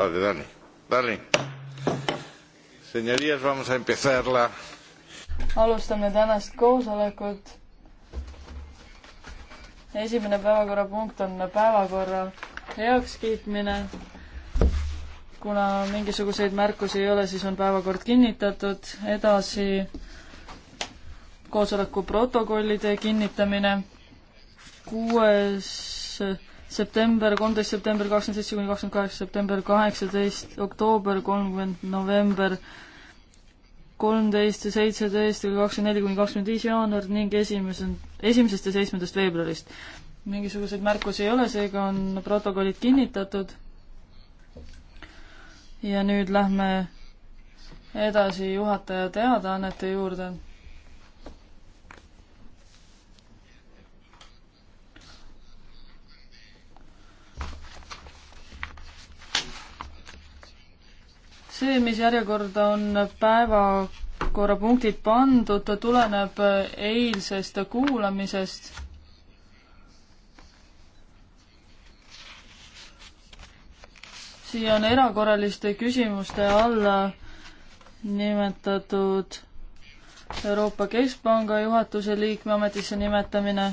Dale, dale, dale. Señorías, vamos a empezar la... alustame tänast koosolekut. esimene päevakorrapunkt on päevakorra heakskiitmine. kuna mingisuguseid märkusi ei ole, siis on päevakord kinnitatud. edasi koosoleku protokollide kinnitamine. kuues september, kolmteist september, kakskümmend seitse kuni kakskümmend kaheksa september, kaheksateist oktoober, kolmkümmend november, kolmteist ja seitseteist ja kakskümmend neli kuni kakskümmend viis jaanuar ning esimesed, esimesest ja seitsmendast veebruarist. mingisuguseid märkusi ei ole, seega on protokollid kinnitatud. ja nüüd lähme edasi juhataja teadaannete juurde see, mis järjekorda on päevakorrapunktid pandud, tuleneb eilsest kuulamisest. siia on erakorraliste küsimuste alla nimetatud Euroopa Keskpanga juhatuse liikme ametisse nimetamine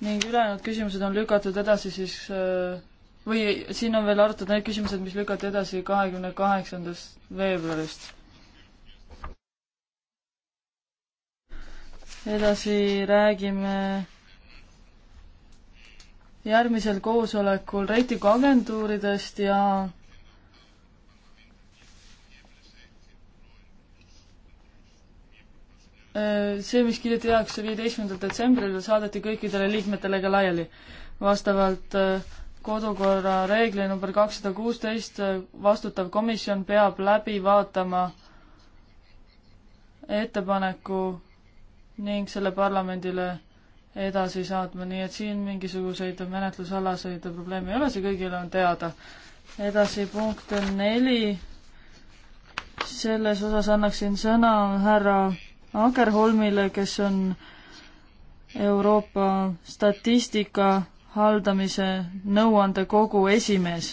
ning ülejäänud küsimused on lükatud edasi siis äh, või siin on veel arutatud need küsimused, mis lükati edasi kahekümne kaheksandast veebruarist. edasi räägime järgmisel koosolekul reitinguagentuuridest ja see, mis kiideti heaks viieteistkümnendal detsembril, saadeti kõikidele liikmetele ka laiali. vastavalt äh, kodukorra reegli number kakssada kuusteist vastutav komisjon peab läbi vaatama ettepaneku ning selle parlamendile edasi saatma, nii et siin mingisuguseid menetlusalaseid probleeme ei ole, see kõigile on teada. edasi punkt neli, selles osas annaksin sõna härra Agerholmile, kes on Euroopa statistika haldamise nõuandekogu esimees.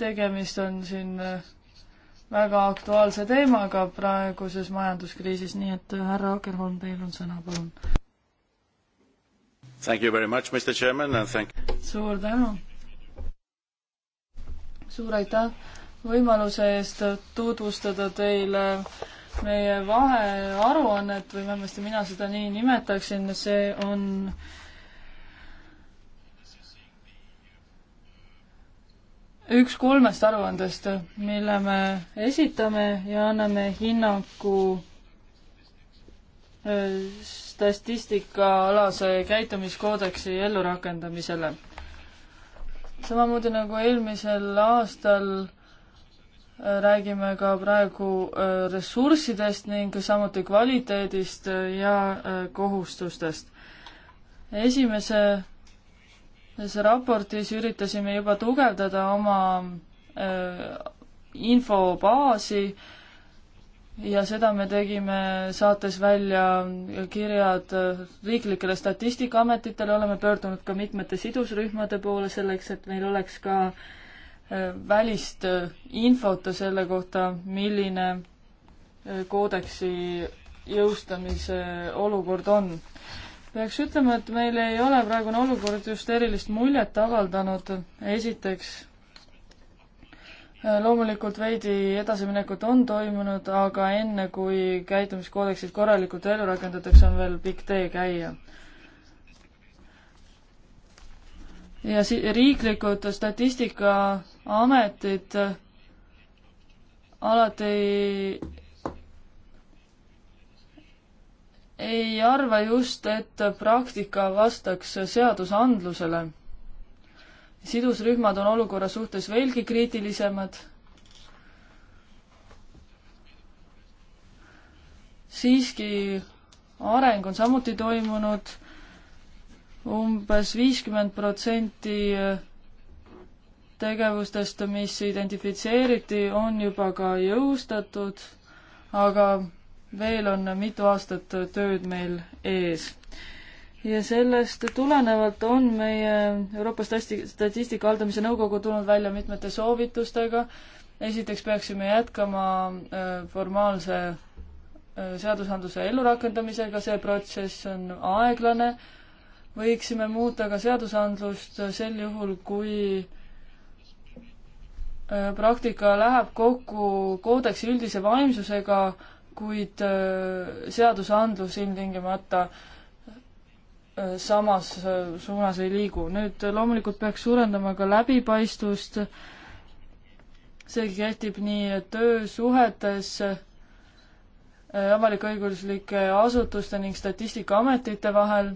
tegemist on siin äh, väga aktuaalse teemaga praeguses majanduskriisis, nii et äh, härra Akerholm, teil on sõna, palun. suur tänu. suur aitäh võimaluse eest tutvustada teile meie vahearuannet või vähemasti mina seda nii nimetaksin, see on äh, üks kolmest aruandest, mille me esitame ja anname hinnangu äh, statistikaalase käitumiskoodeksi ellurakendamisele. samamoodi nagu eelmisel aastal äh, räägime ka praegu äh, ressurssidest ning samuti kvaliteedist ja kohustustest. esimese selles raportis üritasime juba tugevdada oma äh, infobaasi ja seda me tegime, saates välja kirjad äh, riiklikele statistikaametitele, oleme pöördunud ka mitmete sidusrühmade poole selleks, et meil oleks ka äh, välist äh, infot selle kohta, milline äh, koodeksi jõustamise olukord on peaks ütlema, et meil ei ole praegune olukord just erilist muljet avaldanud. esiteks, loomulikult veidi edasiminekut on toimunud, aga enne, kui käitumiskoodeksid korralikult ellu rakendatakse, on veel pikk tee käia. ja si-, riiklikud statistikaametid alati ei arva just, et praktika vastaks seadusandlusele. sidusrühmad on olukorra suhtes veelgi kriitilisemad. siiski areng on samuti toimunud umbes viiskümmend protsenti tegevustest, mis identifitseeriti, on juba ka jõustatud, aga veel on mitu aastat tööd meil ees. ja sellest tulenevalt on meie Euroopa Statistika Haldamise Nõukogu tulnud välja mitmete soovitustega. esiteks peaksime jätkama äh, formaalse äh, seadusandluse ellurakendamisega, see protsess on aeglane. võiksime muuta ka seadusandlust sel juhul, kui äh, praktika läheb kokku koodeksi üldise vaimsusega kuid äh, seadusandlus ilmtingimata äh, samas äh, suunas ei liigu. nüüd loomulikult peaks suurendama ka läbipaistvust, see kehtib nii töösuhetes, avalik-õiguslike asutuste ning statistikaametite vahel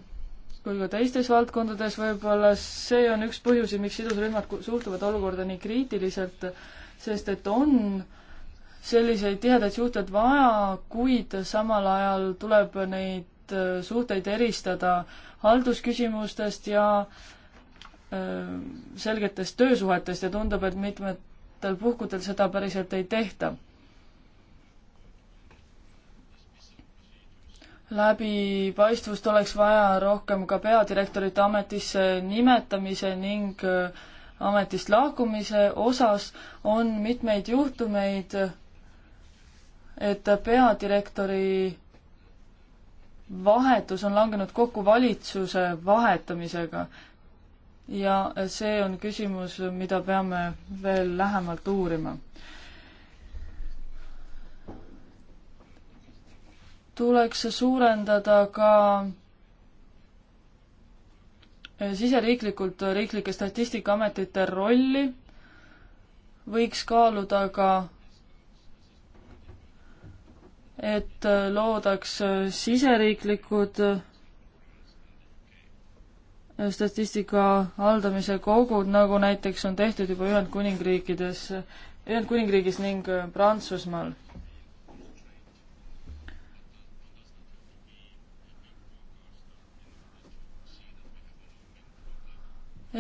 kui ka teistes valdkondades, võib-olla see on üks põhjusi, miks sidusrühmad suhtuvad olukorda nii kriitiliselt, sest et on äh, selliseid tihedaid suhteid vaja, kuid samal ajal tuleb neid äh, suhteid eristada haldusküsimustest ja äh, selgetest töösuhetest ja tundub, et mitmetel puhkudel seda päriselt ei tehta. läbipaistvust oleks vaja rohkem ka peadirektorite ametisse nimetamise ning äh, ametist lahkumise osas on mitmeid juhtumeid, et peadirektori vahetus on langenud kokku valitsuse vahetamisega. ja see on küsimus, mida peame veel lähemalt uurima. tuleks suurendada ka siseriiklikult riiklike statistikaametite rolli võiks kaaluda ka et äh, loodaks äh, siseriiklikud äh, statistika haldamise kogud, nagu näiteks on tehtud juba Ühendkuningriikides, Ühendkuningriigis ning Prantsusmaal.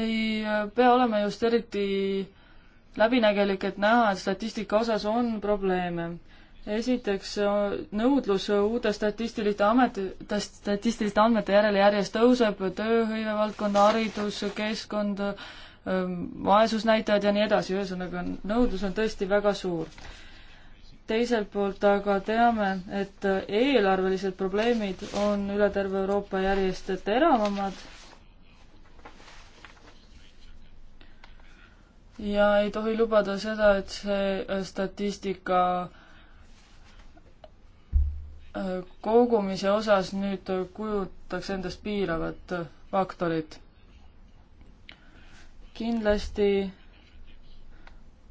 ei pea olema just eriti läbinägelik, et näha, et statistika osas on probleeme esiteks äh, nõudlus uute statistiliste amet-, statistiliste andmete järele järjest tõuseb, tööhõive valdkond, haridus, keskkond, ähm, vaesusnäitajad ja nii edasi, ühesõnaga nõudlus on tõesti väga suur. teiselt poolt aga teame, et äh, eelarvelised probleemid on üle terve Euroopa järjest teravamad ja ei tohi lubada seda, et see äh, statistika kogumise osas nüüd kujutaks endast piiravat faktorit. kindlasti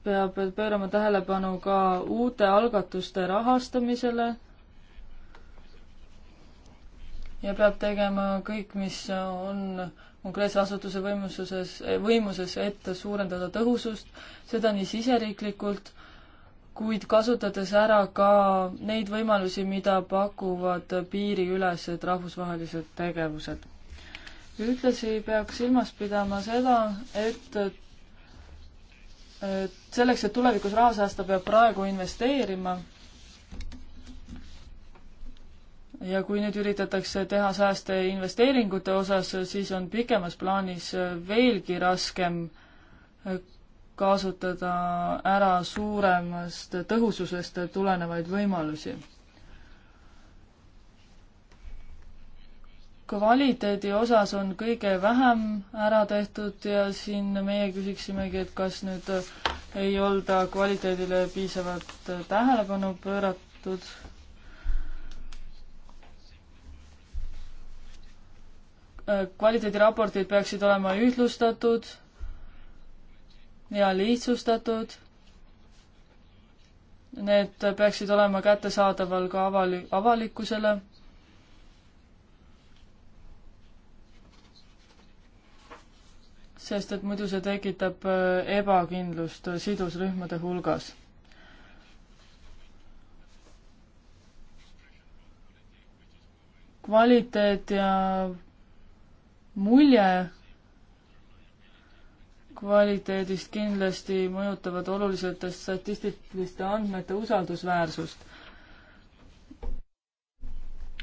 peab pöörama tähelepanu ka uute algatuste rahastamisele ja peab tegema kõik, mis on konkreetse asutuse võimususes, võimuses, et suurendada tõhusust, seda nii siseriiklikult kuid kasutades ära ka neid võimalusi, mida pakuvad piiriülesed rahvusvahelised tegevused. ühtlasi peaks silmas pidama seda, et et selleks, et tulevikus raha säästa, peab praegu investeerima. ja kui nüüd üritatakse teha sääste investeeringute osas, siis on pikemas plaanis veelgi raskem kasutada ära suuremast tõhususest tulenevaid võimalusi. kvaliteedi osas on kõige vähem ära tehtud ja siin meie küsiksimegi, et kas nüüd ei olda kvaliteedile piisavalt tähelepanu pööratud kvaliteediraportid peaksid olema ühtlustatud ja lihtsustatud. Need peaksid olema kättesaadaval ka avali-, avalikkusele. sest et muidu see tekitab äh, ebakindlust sidusrühmade hulgas kvaliteet ja mulje kvaliteedist kindlasti mõjutavad oluliselt statistiliste andmete usaldusväärsust.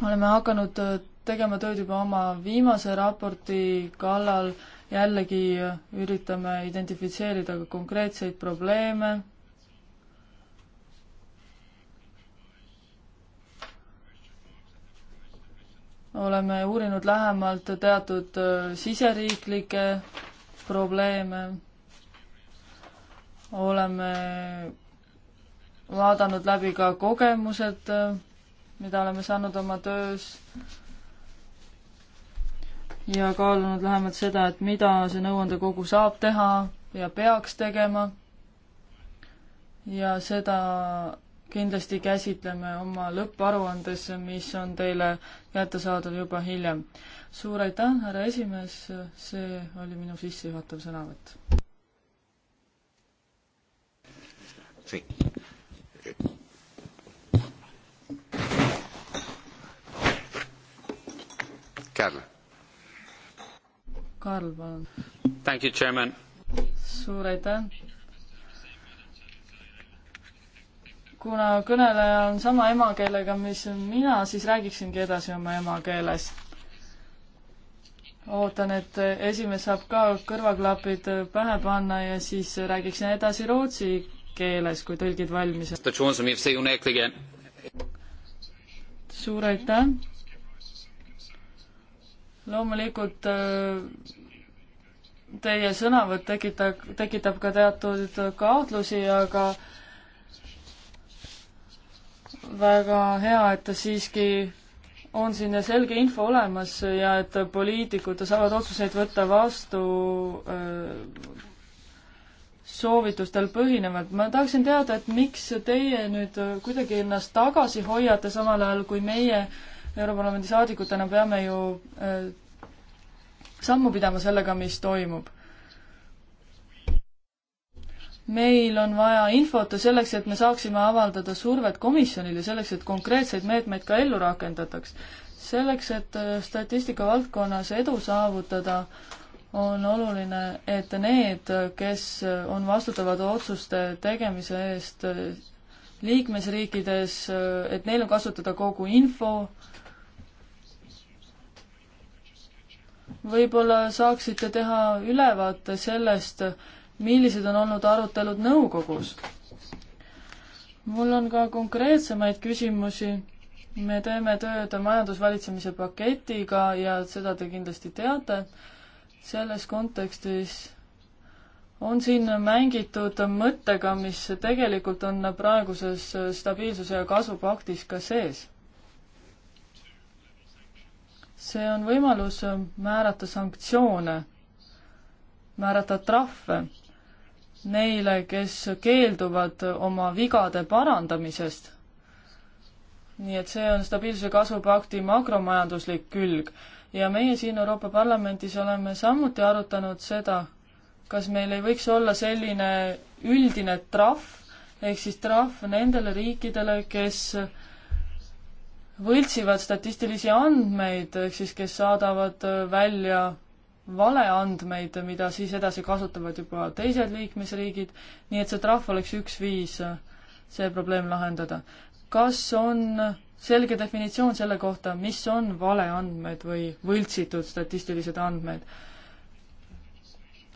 oleme hakanud tegema tööd juba oma viimase raporti kallal, jällegi üritame identifitseerida ka konkreetseid probleeme. oleme uurinud lähemalt teatud siseriiklikke probleeme oleme vaadanud läbi ka kogemused, mida oleme saanud oma töös ja kaalunud lähemalt seda, et mida see nõuandekogu saab teha ja peaks tegema. ja seda kindlasti käsitleme oma lõpparuandes, mis on teile kättesaadav juba hiljem suur aitäh, härra esimees, see oli minu sissejuhatav sõnavõtt. Karl. Karl, palun. Thank you, chairman. suur aitäh kuna kõneleja on sama emakeelega, mis mina, siis räägiksingi edasi oma emakeeles ootan, et esimees saab ka kõrvaklapid pähe panna ja siis räägiksin edasi rootsi keeles, kui tõlgid valmis on. suur aitäh! loomulikult äh, teie sõnavõtt tekitab, tekitab ka teatud kahtlusi, aga väga hea, et te siiski on siin selge info olemas ja et poliitikud saavad otsuseid võtta vastu äh, soovitustel põhinevalt. ma tahaksin teada, et miks teie nüüd kuidagi ennast tagasi hoiate, samal ajal kui meie Europarlamendi saadikutena peame ju äh, sammu pidama sellega, mis toimub meil on vaja infot ja selleks, et me saaksime avaldada survet komisjonile, selleks, et konkreetseid meetmeid ka ellu rakendataks. selleks, et äh, statistika valdkonnas edu saavutada, on oluline, et need, kes äh, on vastutavad otsuste tegemise eest äh, liikmesriikides, et neil on kasutada kogu info, võib-olla saaksite teha ülevaate sellest, millised on olnud arutelud nõukogus? mul on ka konkreetsemaid küsimusi. me teeme tööd majandusvalitsemise paketiga ja seda te kindlasti teate. selles kontekstis on siin mängitud mõttega, mis tegelikult on praeguses stabiilsuse ja kasvupaktis ka sees. see on võimalus määrata sanktsioone, määrata trahve neile, kes keelduvad oma vigade parandamisest. nii et see on stabiilsuse kasvupakti makromajanduslik külg ja meie siin Euroopa Parlamendis oleme samuti arutanud seda, kas meil ei võiks olla selline üldine trahv, ehk siis trahv nendele riikidele, kes võltsivad statistilisi andmeid, ehk siis kes saadavad välja valeandmeid, mida siis edasi kasutavad juba teised liikmesriigid, nii et see trahv oleks üks viis äh, see probleem lahendada. kas on selge definitsioon selle kohta, mis on valeandmed või võltsitud statistilised andmed?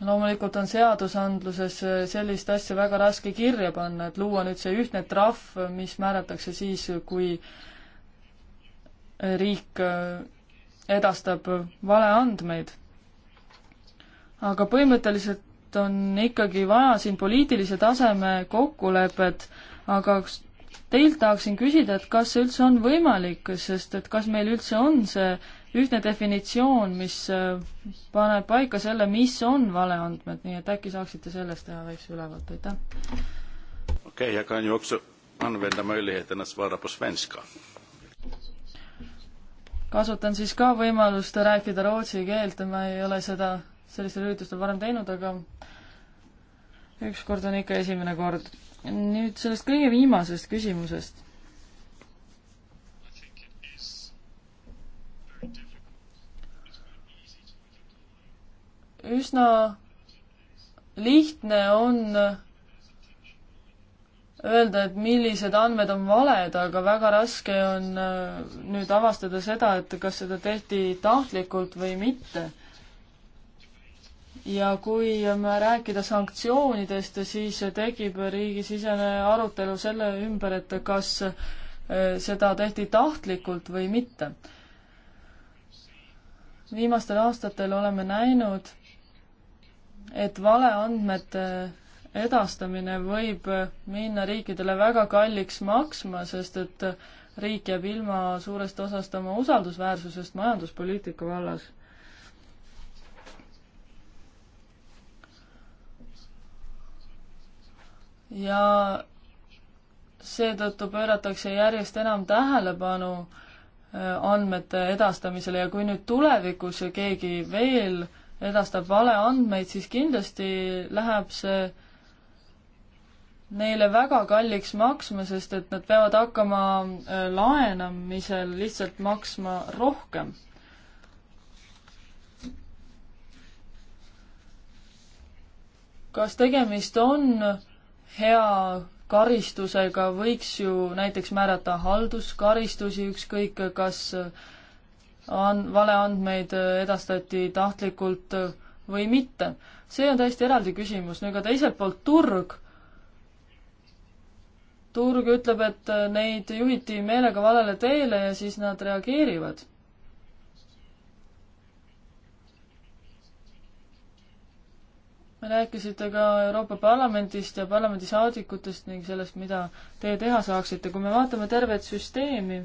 loomulikult on seadusandluses äh, sellist asja väga raske kirja panna, et luua nüüd see ühtne trahv, mis määratakse siis, kui äh, riik edastab valeandmeid aga põhimõtteliselt on ikkagi vaja siin poliitilise taseme kokkulepet, aga teilt tahaksin küsida, et kas see üldse on võimalik, sest et kas meil üldse on see ühtne definitsioon, mis paneb paika selle, mis on valeandmed, nii et äkki saaksite sellest teha väikse ülevaate, aitäh. okei okay,, aga on ju üks använda möjlighet ennast vaadata svenska. kasutan siis ka võimalust rääkida rootsi keelt, ma ei ole seda sellistel üritustel varem teinud, aga ükskord on ikka esimene kord. nüüd sellest kõige viimasest küsimusest. üsna lihtne on öelda, et millised andmed on valed, aga väga raske on äh, nüüd avastada seda, et kas seda tehti tahtlikult või mitte ja kui rääkida sanktsioonidest, siis tekib riigisisene arutelu selle ümber, et kas äh, seda tehti tahtlikult või mitte. viimastel aastatel oleme näinud, et valeandmete edastamine võib minna riikidele väga kalliks maksma, sest et riik jääb ilma suurest osast oma usaldusväärsusest majanduspoliitika vallas ja seetõttu pööratakse järjest enam tähelepanu äh, andmete edastamisele ja kui nüüd tulevikus keegi veel edastab valeandmeid, siis kindlasti läheb see neile väga kalliks maksma, sest et nad peavad hakkama äh, laenamisel lihtsalt maksma rohkem kas tegemist on hea karistusega võiks ju näiteks määrata halduskaristusi, ükskõik kas on valeandmeid edastati tahtlikult või mitte. see on täiesti eraldi küsimus. nüüd ka teiselt poolt turg. turg ütleb, et neid juhiti meelega valele teele ja siis nad reageerivad rääkisite ka Euroopa Parlamendist ja parlamendisaadikutest ning sellest, mida teie teha saaksite. kui me vaatame tervet süsteemi,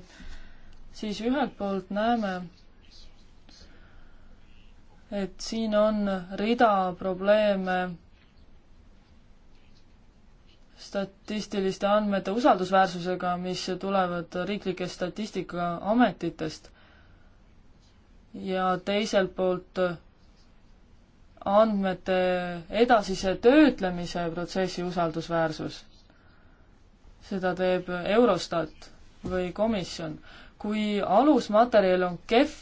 siis ühelt poolt näeme, et siin on rida probleeme statistiliste andmete usaldusväärsusega, mis tulevad riiklikest statistikaametitest. ja teiselt poolt andmete edasise töötlemise protsessi usaldusväärsus. seda teeb Eurostat või komisjon. kui alusmaterjal on kehv,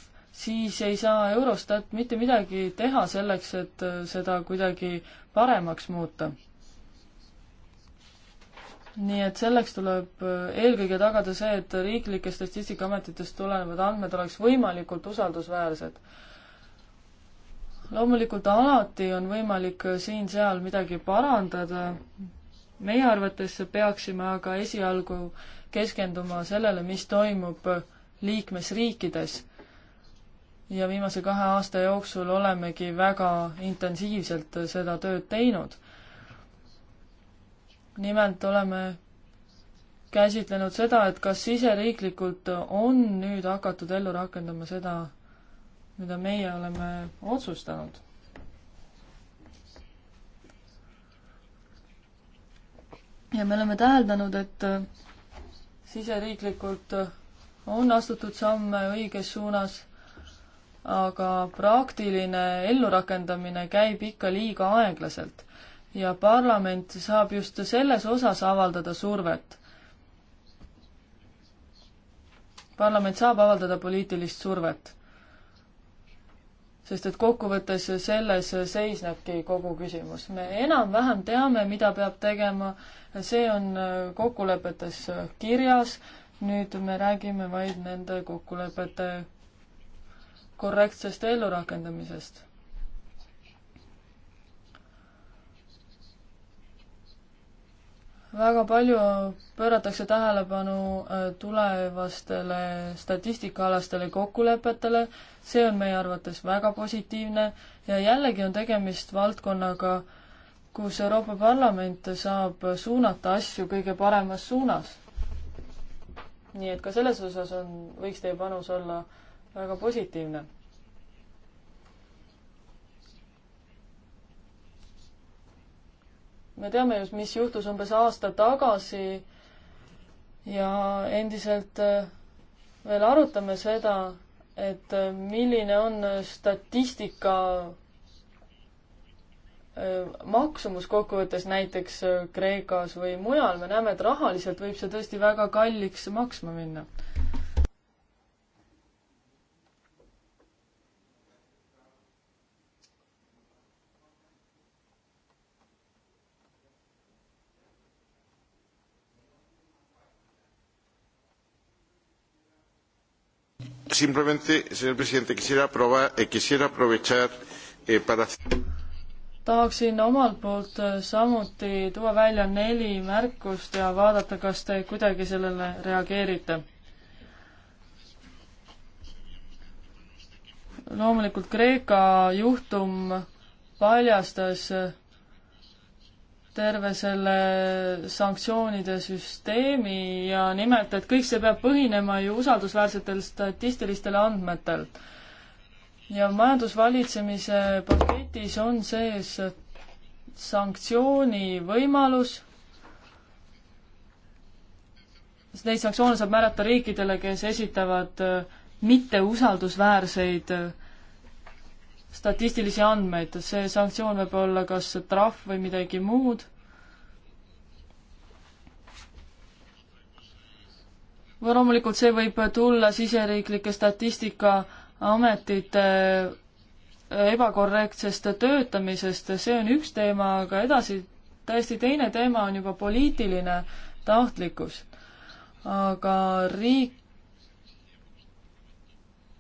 siis ei saa Eurostat mitte midagi teha selleks, et seda kuidagi paremaks muuta. nii et selleks tuleb eelkõige tagada see, et riiklikest statistikaametitest tulenevad andmed oleks võimalikult usaldusväärsed loomulikult alati on võimalik siin-seal midagi parandada. meie arvates peaksime aga esialgu keskenduma sellele, mis toimub liikmesriikides. ja viimase kahe aasta jooksul olemegi väga intensiivselt seda tööd teinud. nimelt oleme käsitlenud seda, et kas siseriiklikult on nüüd hakatud ellu rakendama seda mida meie oleme otsustanud. ja me oleme täheldanud, et äh, siseriiklikult äh, on astutud samme õiges suunas, aga praktiline ellurakendamine käib ikka liiga aeglaselt ja parlament saab just selles osas avaldada survet parlament saab avaldada poliitilist survet sest et kokkuvõttes selles seisnebki kogu küsimus. me enam-vähem teame, mida peab tegema, see on kokkulepetes kirjas, nüüd me räägime vaid nende kokkulepete korrektsest ellurakendamisest väga palju pööratakse tähelepanu äh, tulevastele statistikaalastele kokkulepetele, see on meie arvates väga positiivne ja jällegi on tegemist valdkonnaga, kus Euroopa Parlament saab suunata asju kõige paremas suunas. nii et ka selles osas on, võiks teie panus olla väga positiivne me teame ju, mis juhtus umbes aasta tagasi ja endiselt eh, veel arutame seda, et eh, milline on statistika eh, maksumus kokkuvõttes näiteks Kreekas või mujal, me näeme, et rahaliselt võib see tõesti väga kalliks maksma minna. simplemente, señor presidente, quisiera, probar, eh, quisiera aprovechar eh, para tahaksin omalt poolt eh, samuti tuua välja neli märkust ja vaadata, kas te kuidagi sellele reageerite. loomulikult Kreeka juhtum paljastas eh, terve selle sanktsioonide süsteemi ja nimelt, et kõik see peab põhinema ju usaldusväärsetel statistilistel andmetel. ja majandusvalitsemise paketis on sees sanktsiooni võimalus, neid sanktsioone saab määrata riikidele, kes esitavad mitteusaldusväärseid äh, statistilisi andmeid, see sanktsioon võib olla kas trahv või midagi muud. või loomulikult see võib tulla siseriiklike statistikaametite äh, ebakorrektsest töötamisest, see on üks teema, aga edasi täiesti teine teema on juba poliitiline tahtlikkus. aga riik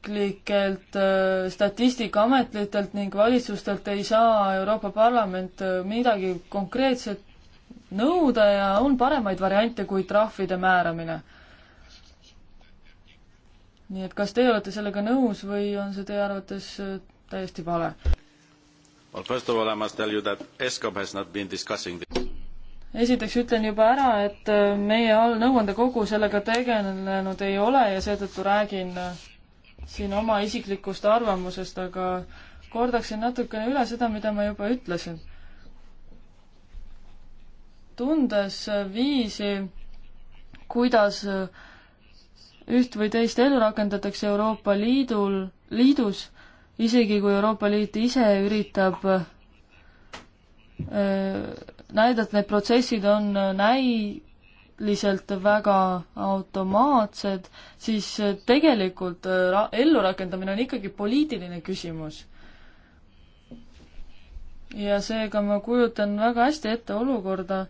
riiklikelt äh, statistikaametitelt ning valitsustelt ei saa Euroopa Parlament äh, midagi konkreetset nõuda ja on paremaid variante kui trahvide määramine. nii et kas teie olete sellega nõus või on see teie arvates äh, täiesti vale? Well, first of all I must tell you that ESCOM has not been discussing this esiteks ütlen juba ära, et meie all nõuandekogu sellega tegelenud ei ole ja seetõttu räägin siin oma isiklikust arvamusest, aga kordaksin natukene üle seda, mida ma juba ütlesin. tundes viisi, kuidas üht või teist ellu rakendatakse Euroopa Liidul, liidus, isegi kui Euroopa Liit ise üritab öö, äh, näidata, et need protsessid on näi-, tehniliselt väga automaatsed, siis tegelikult äh, ra-, ellurakendamine on ikkagi poliitiline küsimus. ja seega ma kujutan väga hästi ette olukorda,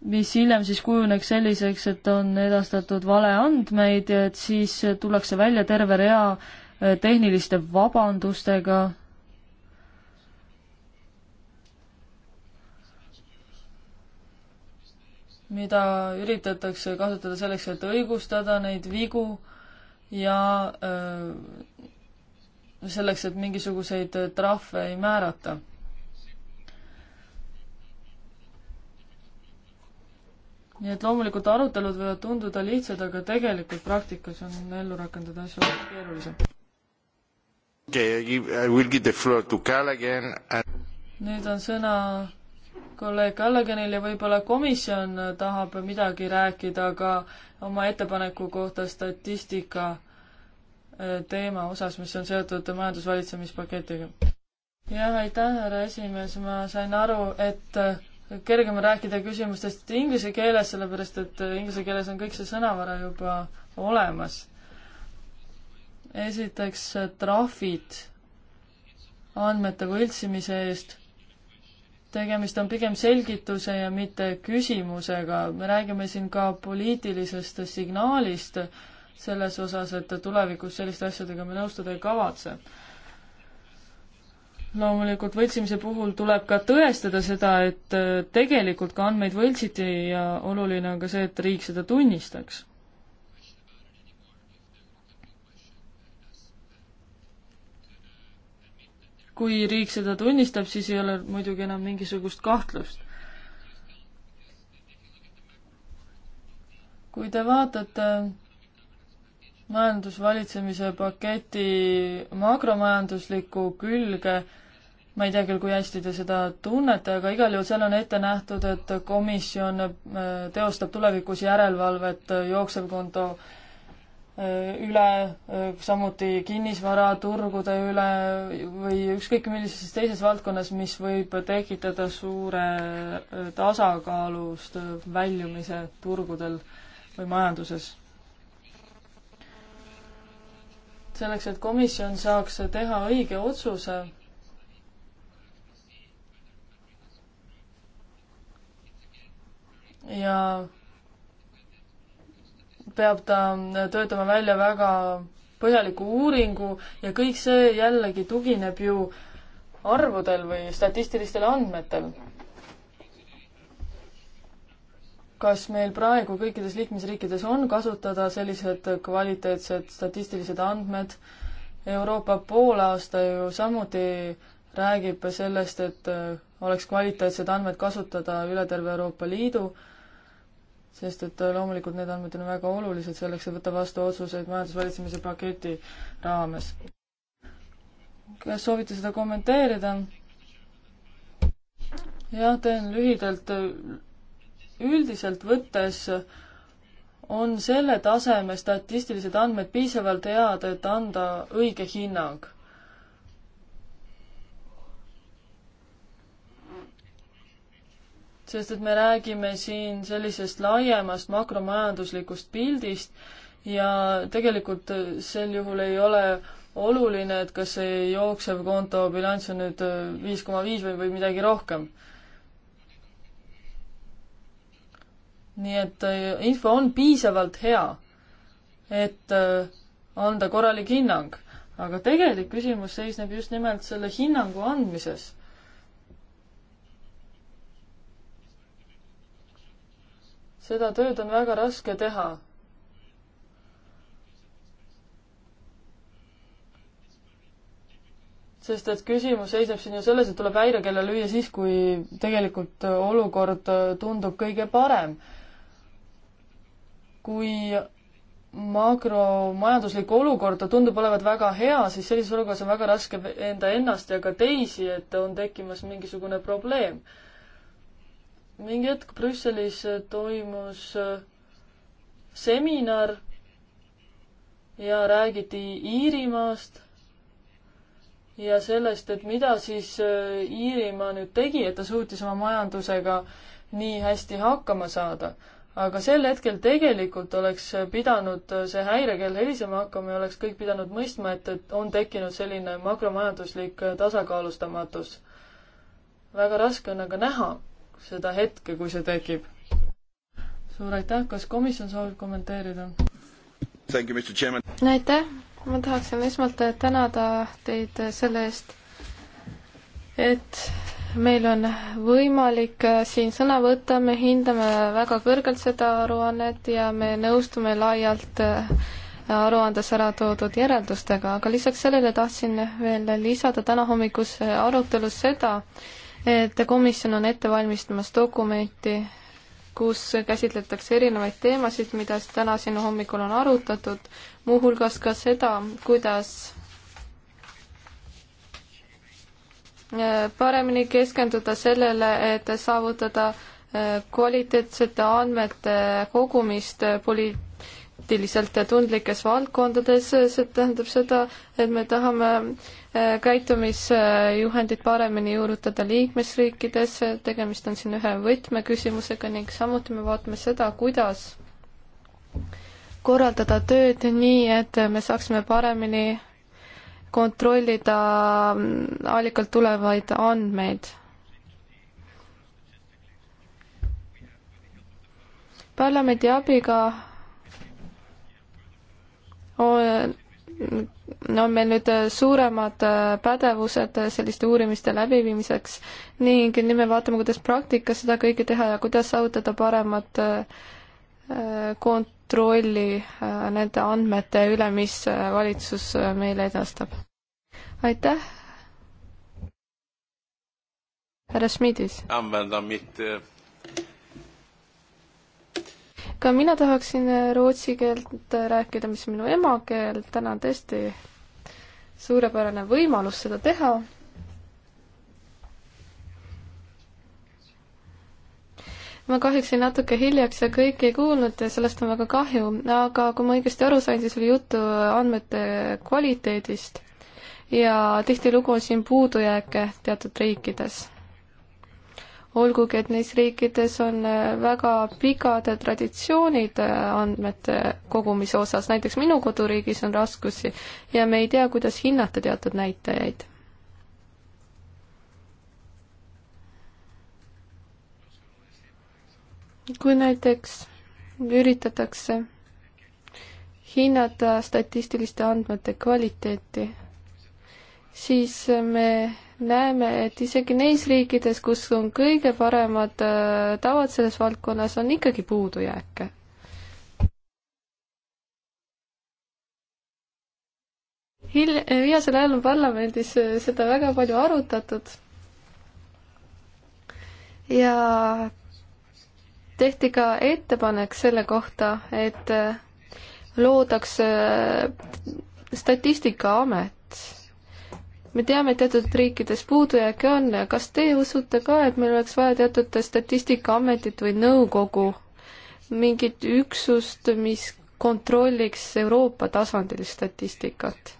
mis hiljem siis kujuneks selliseks, et on edastatud valeandmeid ja et siis tullakse välja terve rea äh, tehniliste vabandustega mida üritatakse kasutada selleks, et õigustada neid vigu ja öö, selleks, et mingisuguseid trahve ei määrata. nii et loomulikult arutelud võivad tunduda lihtsad, aga tegelikult praktikas on ellu rakendada asju keerulisem. Okay, I will give the floor to Cal again and... nüüd on sõna kolleeg Kallaganil ja võib-olla komisjon tahab midagi rääkida ka oma ettepaneku kohta statistika äh, teema osas, mis on seotud majandusvalitsemispaketiga. jah, aitäh, härra esimees, ma sain aru, et äh, kergem on rääkida küsimustest inglise keeles, sellepärast et äh, inglise keeles on kõik see sõnavara juba olemas. esiteks trahvid andmete võltsimise eest tegemist on pigem selgituse ja mitte küsimusega. me räägime siin ka poliitilisest signaalist selles osas, et tulevikus selliste asjadega me nõustuda ei kavatse loomulikult võltsimise puhul tuleb ka tõestada seda, et tegelikult ka andmeid võltsiti ja oluline on ka see, et riik seda tunnistaks. kui riik seda tunnistab, siis ei ole muidugi enam mingisugust kahtlust. kui te vaatate majandusvalitsemise paketi makromajanduslikku külge, ma ei tea küll, kui hästi te seda tunnete, aga igal juhul seal on ette nähtud, et komisjon äh, teostab tulevikus järelevalvet äh, jooksevkonto Äh, üle, äh, samuti kinnisvaraturgude üle või ükskõik millises teises valdkonnas, mis võib tekitada suure äh, tasakaalust väljumise turgudel või majanduses. selleks, et komisjon saaks teha õige otsuse, ja peab ta töötama välja väga põhjaliku uuringu ja kõik see jällegi tugineb ju arvudel või statistilistel andmetel. kas meil praegu kõikides liikmesriikides on kasutada sellised kvaliteetsed statistilised andmed? Euroopa poolaasta ju samuti räägib sellest, et oleks kvaliteetsed andmed kasutada üle terve Euroopa Liidu sest et äh, loomulikult need andmed on väga olulised selleks, et võtta vastu otsuseid majandusvalitsemise paketi raames. kas soovite seda kommenteerida? jah, teen lühidalt. üldiselt võttes on selle taseme statistilised andmed piisavalt head, et anda õige hinnang sest et me räägime siin sellisest laiemast makromajanduslikust pildist ja tegelikult äh, sel juhul ei ole oluline, et kas see jooksev konto bilanss on nüüd äh, viis koma viis või, või midagi rohkem. nii et äh, info on piisavalt hea, et anda korralik hinnang, aga tegelik küsimus seisneb just nimelt selle hinnangu andmises seda tööd on väga raske teha. sest et küsimus seisneb siin ju selles, et tuleb häirekella lüüa siis, kui tegelikult olukord tundub kõige parem. kui makromajanduslikku olukorda tundub olevat väga hea, siis sellises olukorras on väga raske enda ennast ja ka teisi, et on tekkimas mingisugune probleem ning hetk Brüsselis äh, toimus äh, seminar ja räägiti Iirimaast ja sellest, et mida siis äh, Iirimaa nüüd tegi, et ta suutis oma majandusega nii hästi hakkama saada. aga sel hetkel tegelikult oleks pidanud see häirekell helisema hakkama ja oleks kõik pidanud mõistma, et, et on tekkinud selline makromajanduslik tasakaalustamatus. väga raske on aga näha seda hetke, kui see tekib. suur aitäh, kas komisjon soovib kommenteerida? aitäh, ma tahaksin esmalt tänada teid selle eest, et meil on võimalik siin sõna võtta, me hindame väga kõrgelt seda aruannet ja me nõustume laialt aruandes ära toodud järeldustega, aga lisaks sellele tahtsin veel lisada tänahommikusse arutelus seda, et komisjon on ette valmistamas dokumenti, kus käsitletakse erinevaid teemasid, mida täna siin hommikul on arutatud, muuhulgas ka seda, kuidas äh, paremini keskenduda sellele, et saavutada äh, kvaliteetsete andmete kogumist äh, poli-, poliitiliselt tundlikes valdkondades, see tähendab seda, et me tahame äh, käitumisjuhendid paremini juurutada liikmesriikides, tegemist on siin ühe võtmeküsimusega ning samuti me vaatame seda, kuidas korraldada tööd nii, et me saaksime paremini kontrollida mm, allikalt tulevaid andmeid parlamendi abiga on meil nüüd suuremad äh, pädevused selliste uurimiste läbiviimiseks ning nüüd me vaatame, kuidas praktikas seda kõike teha ja kuidas saavutada paremat äh, kontrolli äh, nende andmete üle, mis valitsus meile edastab. aitäh! härra Schmidis ka mina tahaksin rootsi keelt rääkida, mis on minu emakeel, täna on tõesti suurepärane võimalus seda teha. ma kahjuks jäin natuke hiljaks ja kõike ei kuulnud ja sellest on väga kahju, aga kui ma õigesti aru sain, siis oli juttu andmete kvaliteedist ja tihtilugu on siin puudujääke teatud riikides olgugi, et neis riikides on äh, väga pikad traditsioonid äh, andmete kogumise osas, näiteks minu koduriigis on raskusi ja me ei tea, kuidas hinnata teatud näitajaid. kui näiteks üritatakse hinnata statistiliste andmete kvaliteeti, siis me näeme, et isegi neis riikides, kus on kõige paremad äh, tavad selles valdkonnas, on ikkagi puudujääke. Hil-, viimasel ajal on parlamendis äh, seda väga palju arutatud ja tehti ka ettepanek selle kohta, et äh, loodaks statistikaamet me teame, et teatud riikides puudujääke on, kas teie usute ka, et meil oleks vaja teatud Statistikaametit või nõukogu, mingit üksust, mis kontrolliks Euroopa tasandil statistikat?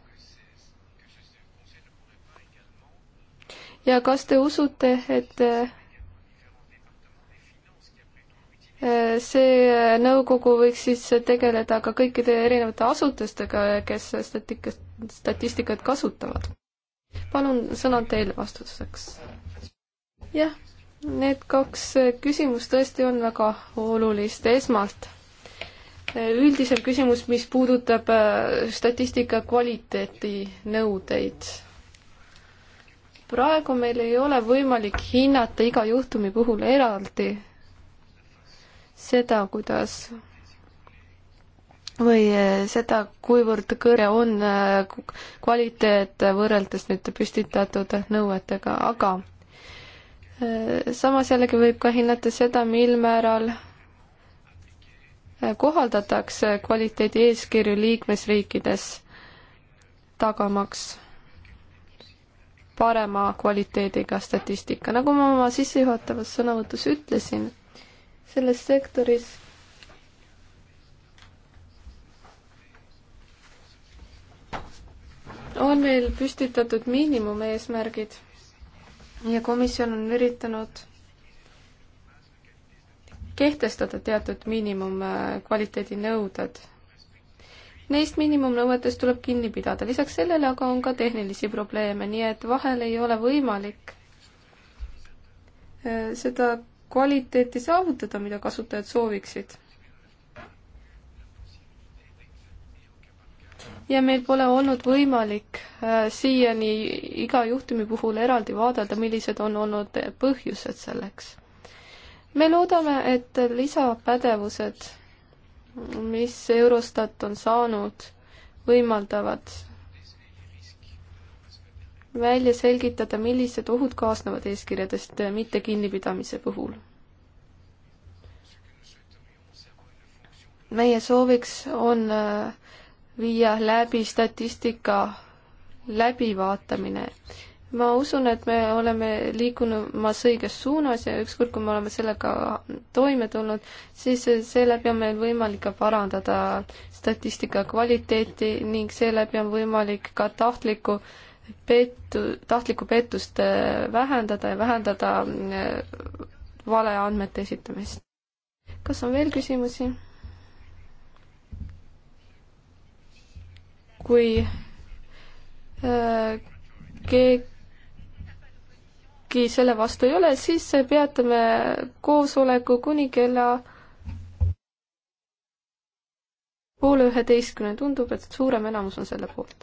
ja kas te usute, et äh, see nõukogu võiks siis tegeleda ka kõikide erinevate asutustega, kes statistikat, statistikat kasutavad? palun, sõna on teil vastuseks. jah, need kaks küsimust tõesti on väga olulist. esmalt üldisem küsimus, mis puudutab äh, statistika kvaliteeti nõudeid. praegu meil ei ole võimalik hinnata iga juhtumi puhul eraldi seda, kuidas või äh, seda, kuivõrd kõrge on äh, kvaliteet võrreldes nüüd püstitatud nõuetega, aga äh, samas jällegi võib ka hinnata seda, mil määral kohaldatakse kvaliteedi eeskirju liikmesriikides, tagamaks parema kvaliteediga statistika. nagu ma oma sissejuhatavas sõnavõtus ütlesin, selles sektoris on meil püstitatud miinimumeesmärgid ja komisjon on üritanud kehtestada teatud miinimumkvaliteedinõuded. Neist miinimumnõuetest tuleb kinni pidada, lisaks sellele aga on ka tehnilisi probleeme, nii et vahel ei ole võimalik äh, seda kvaliteeti saavutada, mida kasutajad sooviksid ja meil pole olnud võimalik äh, siiani iga juhtumi puhul eraldi vaadata, millised on olnud põhjused selleks. me loodame, et lisapädevused, mis Eurostat on saanud, võimaldavad välja selgitada, millised ohud kaasnevad eeskirjadest mitte kinnipidamise puhul meie sooviks on äh, viia läbi statistika läbivaatamine. ma usun, et me oleme liikumas õiges suunas ja ükskord, kui me oleme sellega toime tulnud, siis seeläbi on meil võimalik ka parandada statistika kvaliteeti ning seeläbi on võimalik ka tahtlikku pettu, tahtlikku pettust äh, vähendada ja vähendada äh, valeandmete esitamist. kas on veel küsimusi? kui äh, keegi selle vastu ei ole, siis peatame koosoleku kuni kella poole üheteistkümne, tundub, et suurem enamus on selle poolt.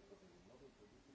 создание новой продукции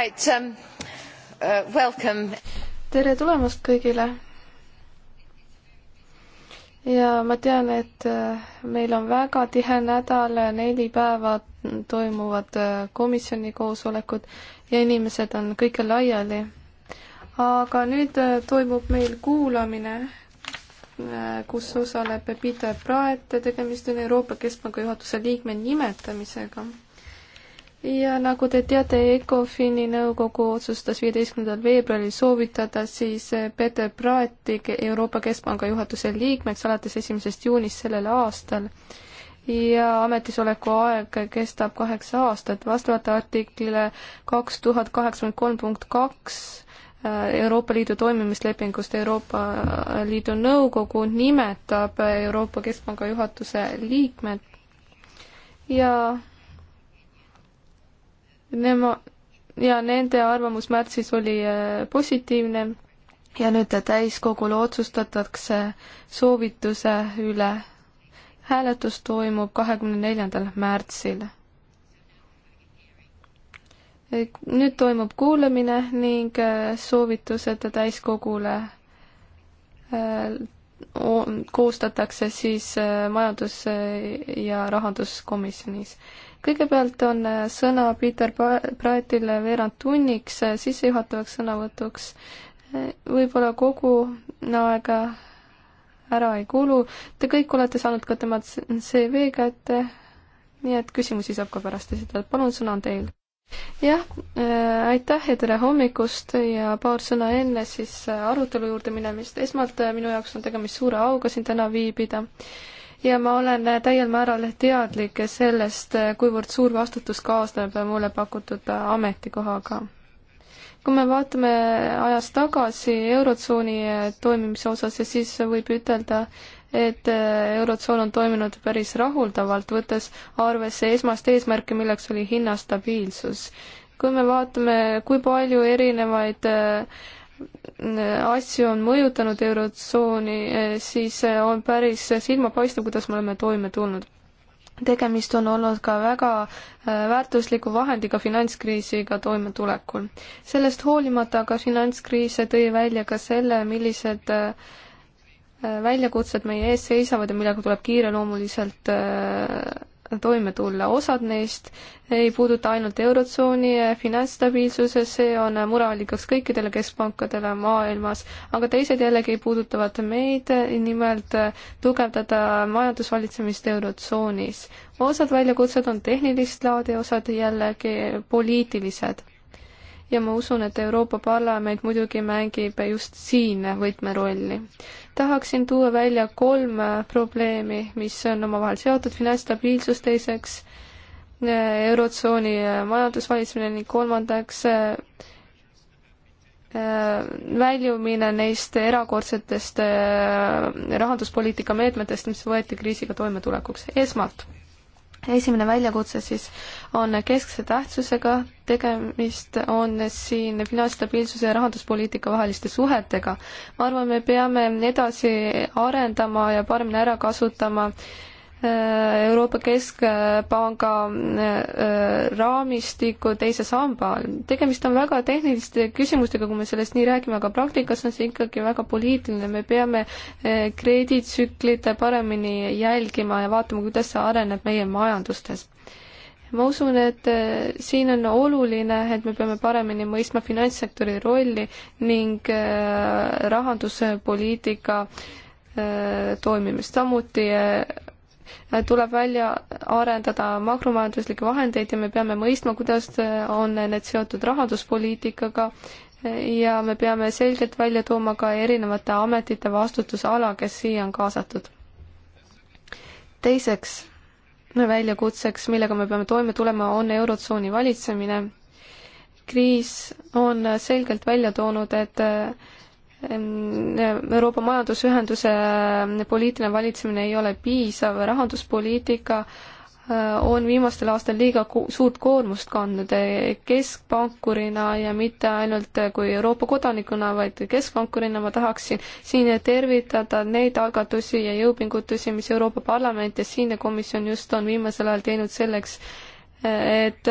Right, um, uh, welcome. tere tulemast kõigile. ja ma tean, et uh, meil on väga tihe nädal, neli päeva toimuvad uh, komisjoni koosolekud ja inimesed on kõike laiali. aga nüüd uh, toimub meil kuulamine, kus osaleb Peter Praet, tegemist on Euroopa Keskpanga juhatuse liikme nimetamisega ja nagu te teate, ECOFIN-i nõukogu otsustas viieteistkümnendal veebruaril soovitada siis Peter Praeti Euroopa Keskpanga juhatuse liikmeks alates esimesest juunist sellel aastal ja ametisoleku aeg kestab kaheksa aastat, vastavalt artiklile kaks tuhat kaheksakümmend kolm punkt kaks äh, Euroopa Liidu toimimislepingust Euroopa Liidu Nõukogu nimetab Euroopa Keskpanga juhatuse liikmed ja Nema- ja nende arvamus märtsis oli äh, positiivne ja nüüd täiskogul otsustatakse soovituse üle. hääletus toimub kahekümne neljandal märtsil. nüüd toimub kuulamine ning äh, soovitused täiskogule äh, koostatakse siis majandus- ja rahanduskomisjonis kõigepealt on äh, sõna Peter Praetile veerand tunniks äh, sissejuhatavaks sõnavõtuks. Äh, võib-olla kogu aega ära ei kulu. Te kõik olete saanud ka tema CV kätte, nii et küsimusi saab ka pärast esitada. palun, sõna on teil. jah äh,, aitäh ja tere hommikust ja paar sõna enne siis arutelu juurde minemist. esmalt minu jaoks on tegemist suure auga siin täna viibida äh, ja ma olen täiel määral teadlik sellest, kuivõrd suur vastutus kaasneb mulle pakutud ametikohaga. kui me vaatame ajas tagasi Eurotsooni toimimise osas, siis võib ütelda, et Eurotsoon on toiminud päris rahuldavalt, võttes arvesse esmast eesmärki, milleks oli hinnastabiilsus. kui me vaatame, kui palju erinevaid äh, asju on mõjutanud Eurotsooni, eh, siis eh, on päris silmapaistev, kuidas me oleme toime tulnud. tegemist on olnud ka väga eh, väärtusliku vahendiga finantskriisiga toimetulekul. sellest hoolimata aga finantskriis tõi välja ka selle, millised väljakutsed meie ees seisavad ja millega tuleb kiireloomuliselt toime tulla. osad neist ei puuduta ainult Eurotsooni finantsstabiilsuse, see on mureallikaks kõikidele keskpankadele maailmas, aga teised jällegi puudutavad meid, nimelt tugevdada majandusvalitsemist Eurotsoonis. osad väljakutsed on tehnilist laadi, osad jällegi poliitilised ja ma usun, et Euroopa Parlament muidugi mängib just siin võtmerolli tahaksin tuua välja kolm äh, probleemi, mis on omavahel seotud, finantsstabiilsus teiseks, äh, Eurotsooni äh, majandusvalitsemine ning kolmandaks väljumine neist erakordsetest rahanduspoliitika meetmetest, mis võeti kriisiga toimetulekuks. esmalt esimene väljakutse siis on keskse tähtsusega, tegemist on siin finantsstabiilsuse ja rahanduspoliitika vaheliste suhetega. ma arvan, me peame edasi arendama ja paremini ära kasutama Äh, Euroopa Keskpanga äh, äh, raamistiku teise samba. tegemist on väga tehniliste küsimustega, kui me sellest nii räägime, aga praktikas on see ikkagi väga poliitiline, me peame kreeditsüklit paremini jälgima ja vaatama, kuidas see areneb meie majandustes ma usun, et siin on oluline, et me peame paremini mõistma finantssektori rolli ning rahanduspoliitika toimimist, samuti tuleb välja arendada makromajanduslikke vahendeid ja me peame mõistma, kuidas on need seotud rahanduspoliitikaga ja me peame selgelt välja tooma ka erinevate ametite vastutusala, kes siia on kaasatud. teiseks väljakutseks, millega me peame toime tulema, on Eurotsooni valitsemine. kriis on selgelt välja toonud, et Ehm, Euroopa Majandusühenduse äh, poliitiline valitsemine ei ole piisav, rahanduspoliitika äh, on viimastel aastal liiga suurt koormust kandnud keskpankurina ja mitte ainult äh, kui Euroopa kodanikuna, vaid keskpankurina ma tahaksin siin tervitada neid algatusi ja jõupingutusi, mis Euroopa Parlament ja siinne komisjon just on viimasel ajal teinud selleks, et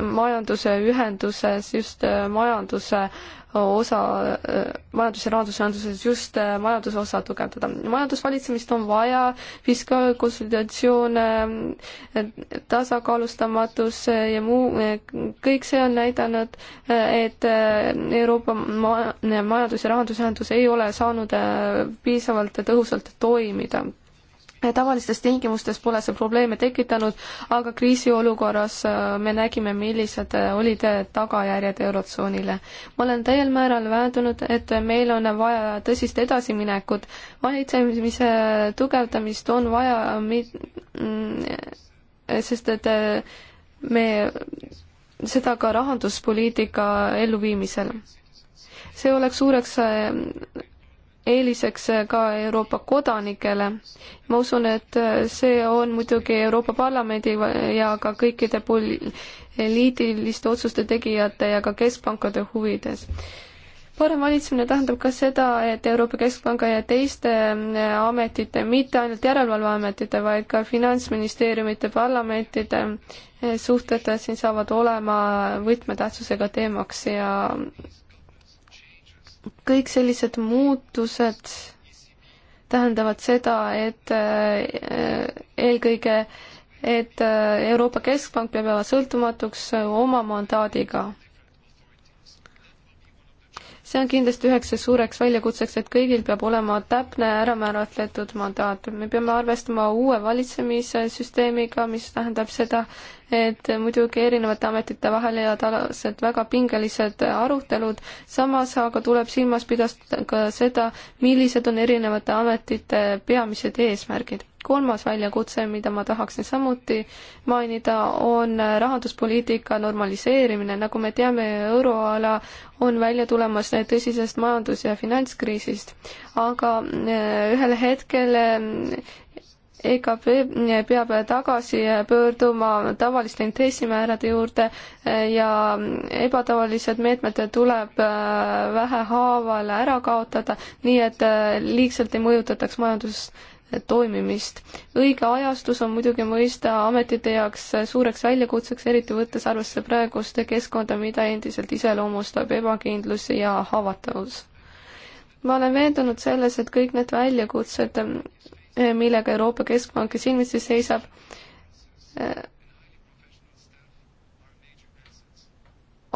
majanduse ühenduses just majanduse äh, osa äh, majandus- ja rahandusühenduses just äh, majanduse osa tugevdada. majandusvalitsemist on vaja, fiskaalkonsultatsioon, äh, tasakaalustamatus ja muu, kõik see on näidanud, et Euroopa ma-, majandus- ja rahandusühendus ei ole saanud piisavalt tõhusalt toimida tavalistes tingimustes pole see probleeme tekitanud, aga kriisiolukorras äh, me nägime, millised äh, olid äh, tagajärjed Eurotsoonile. ma olen täiel määral veendunud, et meil on vaja tõsist edasiminekut. valitsemise tugevdamist on vaja, mm, sest et me, seda ka rahanduspoliitika elluviimisel. see oleks suureks eeliseks eh, ka Euroopa kodanikele. ma usun, et eh, see on muidugi Euroopa Parlamendi ja ka kõikide poliitiliste otsuste tegijate ja ka keskpankade huvides parem valitsemine tähendab ka seda, et Euroopa Keskpanga ja teiste eh, ametite, mitte ainult järelevalveametite, vaid ka finantsministeeriumite, parlamentide suhted siin saavad olema võtmetähtsusega teemaks ja kõik sellised muutused tähendavad seda, et äh, eelkõige, et äh, Euroopa Keskpank peab jääma sõltumatuks äh, oma mandaadiga. see on kindlasti üheks suureks väljakutseks, et kõigil peab olema täpne ära määratletud mandaat. me peame arvestama uue valitsemissüsteemiga, mis tähendab seda, et muidugi erinevate ametite vahel jäävad alased väga pingelised arutelud, samas aga tuleb silmas pidada ka seda, millised on erinevate ametite peamised eesmärgid. kolmas väljakutse, mida ma tahaksin samuti mainida, on rahanduspoliitika normaliseerimine, nagu me teame, euroala on välja tulemas tõsisest majandus- ja finantskriisist, aga eh, ühel hetkel EKP peab tagasi pöörduma tavaliste intressimäärade juurde ja ebatavalised meetmed tuleb vähehaaval ära kaotada, nii et liigselt ei mõjutataks majandus toimimist. õige ajastus on muidugi mõista ametite jaoks suureks väljakutseks, eriti võttes arvesse praegust keskkonda, mida endiselt iseloomustab ebakindlus ja haavatavus. ma olen veendunud selles, et kõik need väljakutsed millega Euroopa Keskpank silmitsi seisab.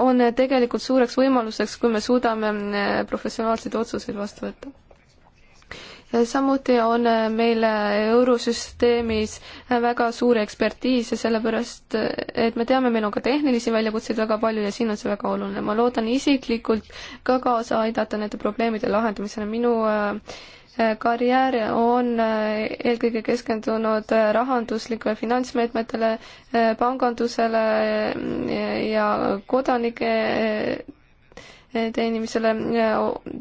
on tegelikult suureks võimaluseks, kui me suudame eh, professionaalseid otsuseid vastu võtta. samuti on eh, meil eh, eurosüsteemis väga suur ekspertiis ja sellepärast, et me teame, meil on ka tehnilisi väljakutseid väga palju ja siin on see väga oluline. ma loodan isiklikult ka kaasa aidata nende probleemide lahendamisele. minu äh, Eh, karjäär on eh, eelkõige keskendunud eh, rahanduslikele finantsmeetmetele, pangandusele ja kodanike teenimisele.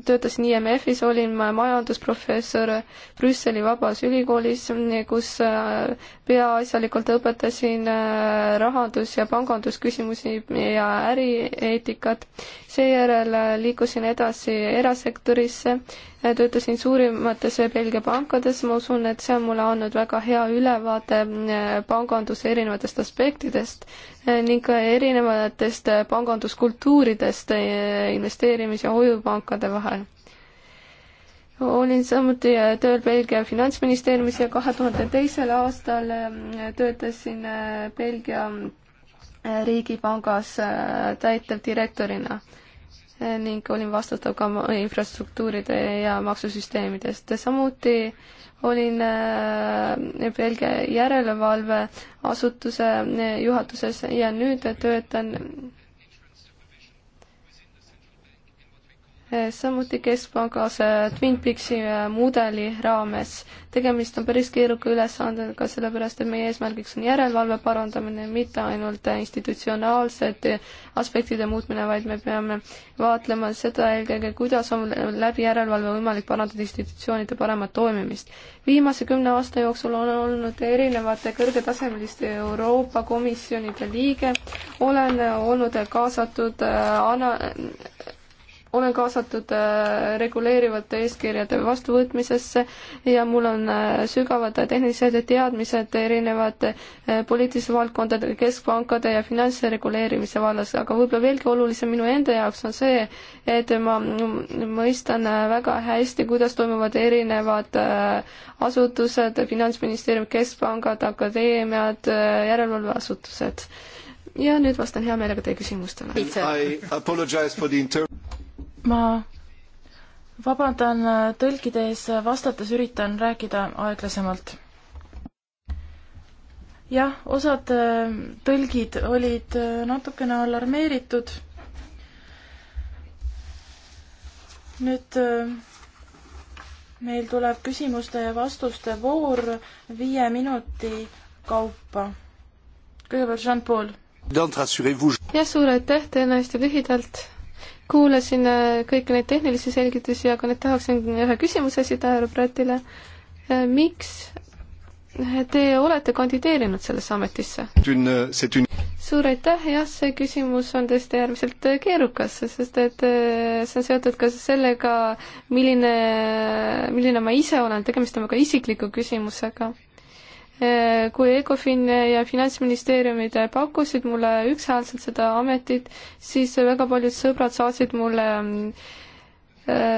töötasin IMF-is, olin ma majandusprofessor Brüsseli Vabas Ülikoolis, kus peaasjalikult õpetasin rahandus- ja pangandusküsimusi ja ärieetikat seejärel liikusin edasi erasektorisse, töötasin suurimates Belgia pankades, ma usun, et see on mulle andnud väga hea ülevaate eh, panganduse erinevatest aspektidest eh, ning ka erinevatest panganduskultuuridest eh, investeerimis- ja hoiupankade vahel olin samuti tööl Belgia finantsministeeriumis ja kahe tuhande teisel aastal töötasin Belgia riigipangas täitevdirektorina ning olin vastutav ka infrastruktuuride ja maksusüsteemidest. samuti olin äh, Belgia järelevalveasutuse juhatuses ja nüüd töötan Eh, samuti Keskpangas eh, Twin Peaksi eh, mudeli raames. tegemist on päris keeruka ülesandega, sellepärast et meie eesmärgiks on järelevalve parandamine, mitte ainult institutsionaalsed aspektide muutmine, vaid me peame vaatlema seda eelkõige, kuidas on läbi järelevalve võimalik parandada institutsioonide paremat toimimist. viimase kümne aasta jooksul on olnud erinevate kõrgetasemeliste Euroopa Komisjonide liige, olen olnud kaasatud ana-, olen kaasatud äh, reguleerivate eeskirjade vastuvõtmisesse ja mul on äh, sügavad tehnilised teadmised erinevate äh, poliitiliste valdkondade, keskpankade ja finantsreguleerimise vallas, aga võib-olla veelgi olulisem minu enda jaoks on see, et ma mõistan väga hästi, kuidas toimuvad erinevad asutused, Finantsministeerium, keskpangad, akadeemiad, järelevalveasutused ja nüüd vastan hea meelega teie küsimustele ma vabandan äh, tõlkide ees, vastates üritan rääkida aeglasemalt. jah, osad äh, tõlgid olid äh, natukene alarmeeritud. nüüd meil tuleb küsimuste ja vastuste voor viie minuti kaupa. kõigepealt Jean-Paul. jah, suur aitäh, teen hästi lühidalt kuulasin äh, kõiki neid tehnilisi selgitusi, aga nüüd tahaksin ühe küsimuse esitada härra Brätile. Äh, miks te olete kandideerinud sellesse ametisse? suur aitäh, jah, see küsimus on tõesti äärmiselt keerukas, sest et äh, see on seotud ka sellega, milline, milline ma ise olen, tegemist on väga isikliku küsimusega kui Ecofin ja Finantsministeeriumid pakkusid mulle ükshäälselt seda ametit, siis väga paljud sõbrad saatsid mulle äh,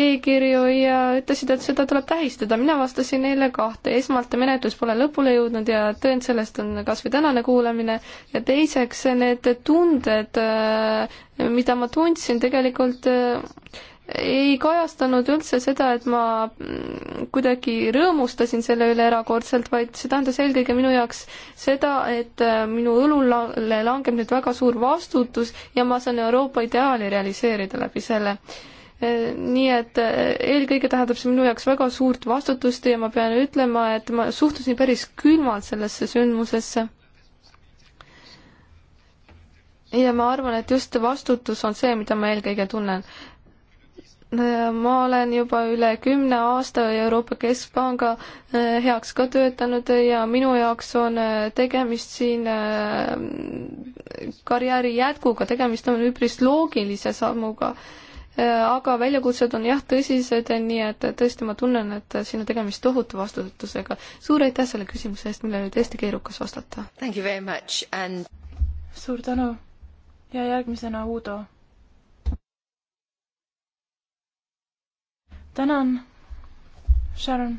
e-kirju ja ütlesid, et seda tuleb tähistada. mina vastasin neile kahte. esmalt menetlus pole lõpule jõudnud ja tõend sellest on kas või tänane kuulamine ja teiseks need tunded, äh, mida ma tundsin, tegelikult äh, ei kajastanud üldse seda, et ma kuidagi rõõmustasin selle üle erakordselt, vaid see tähendas eelkõige minu jaoks seda, et äh, minu õlule langeb nüüd väga suur vastutus ja ma saan Euroopa ideaali realiseerida läbi selle. Äh, nii et äh, eelkõige tähendab see minu jaoks väga suurt vastutust ja ma pean ütlema, et ma suhtusin päris külmalt sellesse sündmusesse. ja ma arvan, et just vastutus on see, mida ma eelkõige tunnen ma olen juba üle kümne aasta Euroopa Keskpanga äh, heaks ka töötanud ja minu jaoks on äh, tegemist siin äh, karjääri jätkuga, tegemist on üpris loogilise sammuga. aga väljakutsed on jah tõsised, nii et tõesti ma tunnen, et siin on tegemist tohutu vastutusega. suur aitäh selle küsimuse eest, millele oli tõesti keerukas vastata. And... suur tänu ja järgmisena Uudo tänan, Sharon.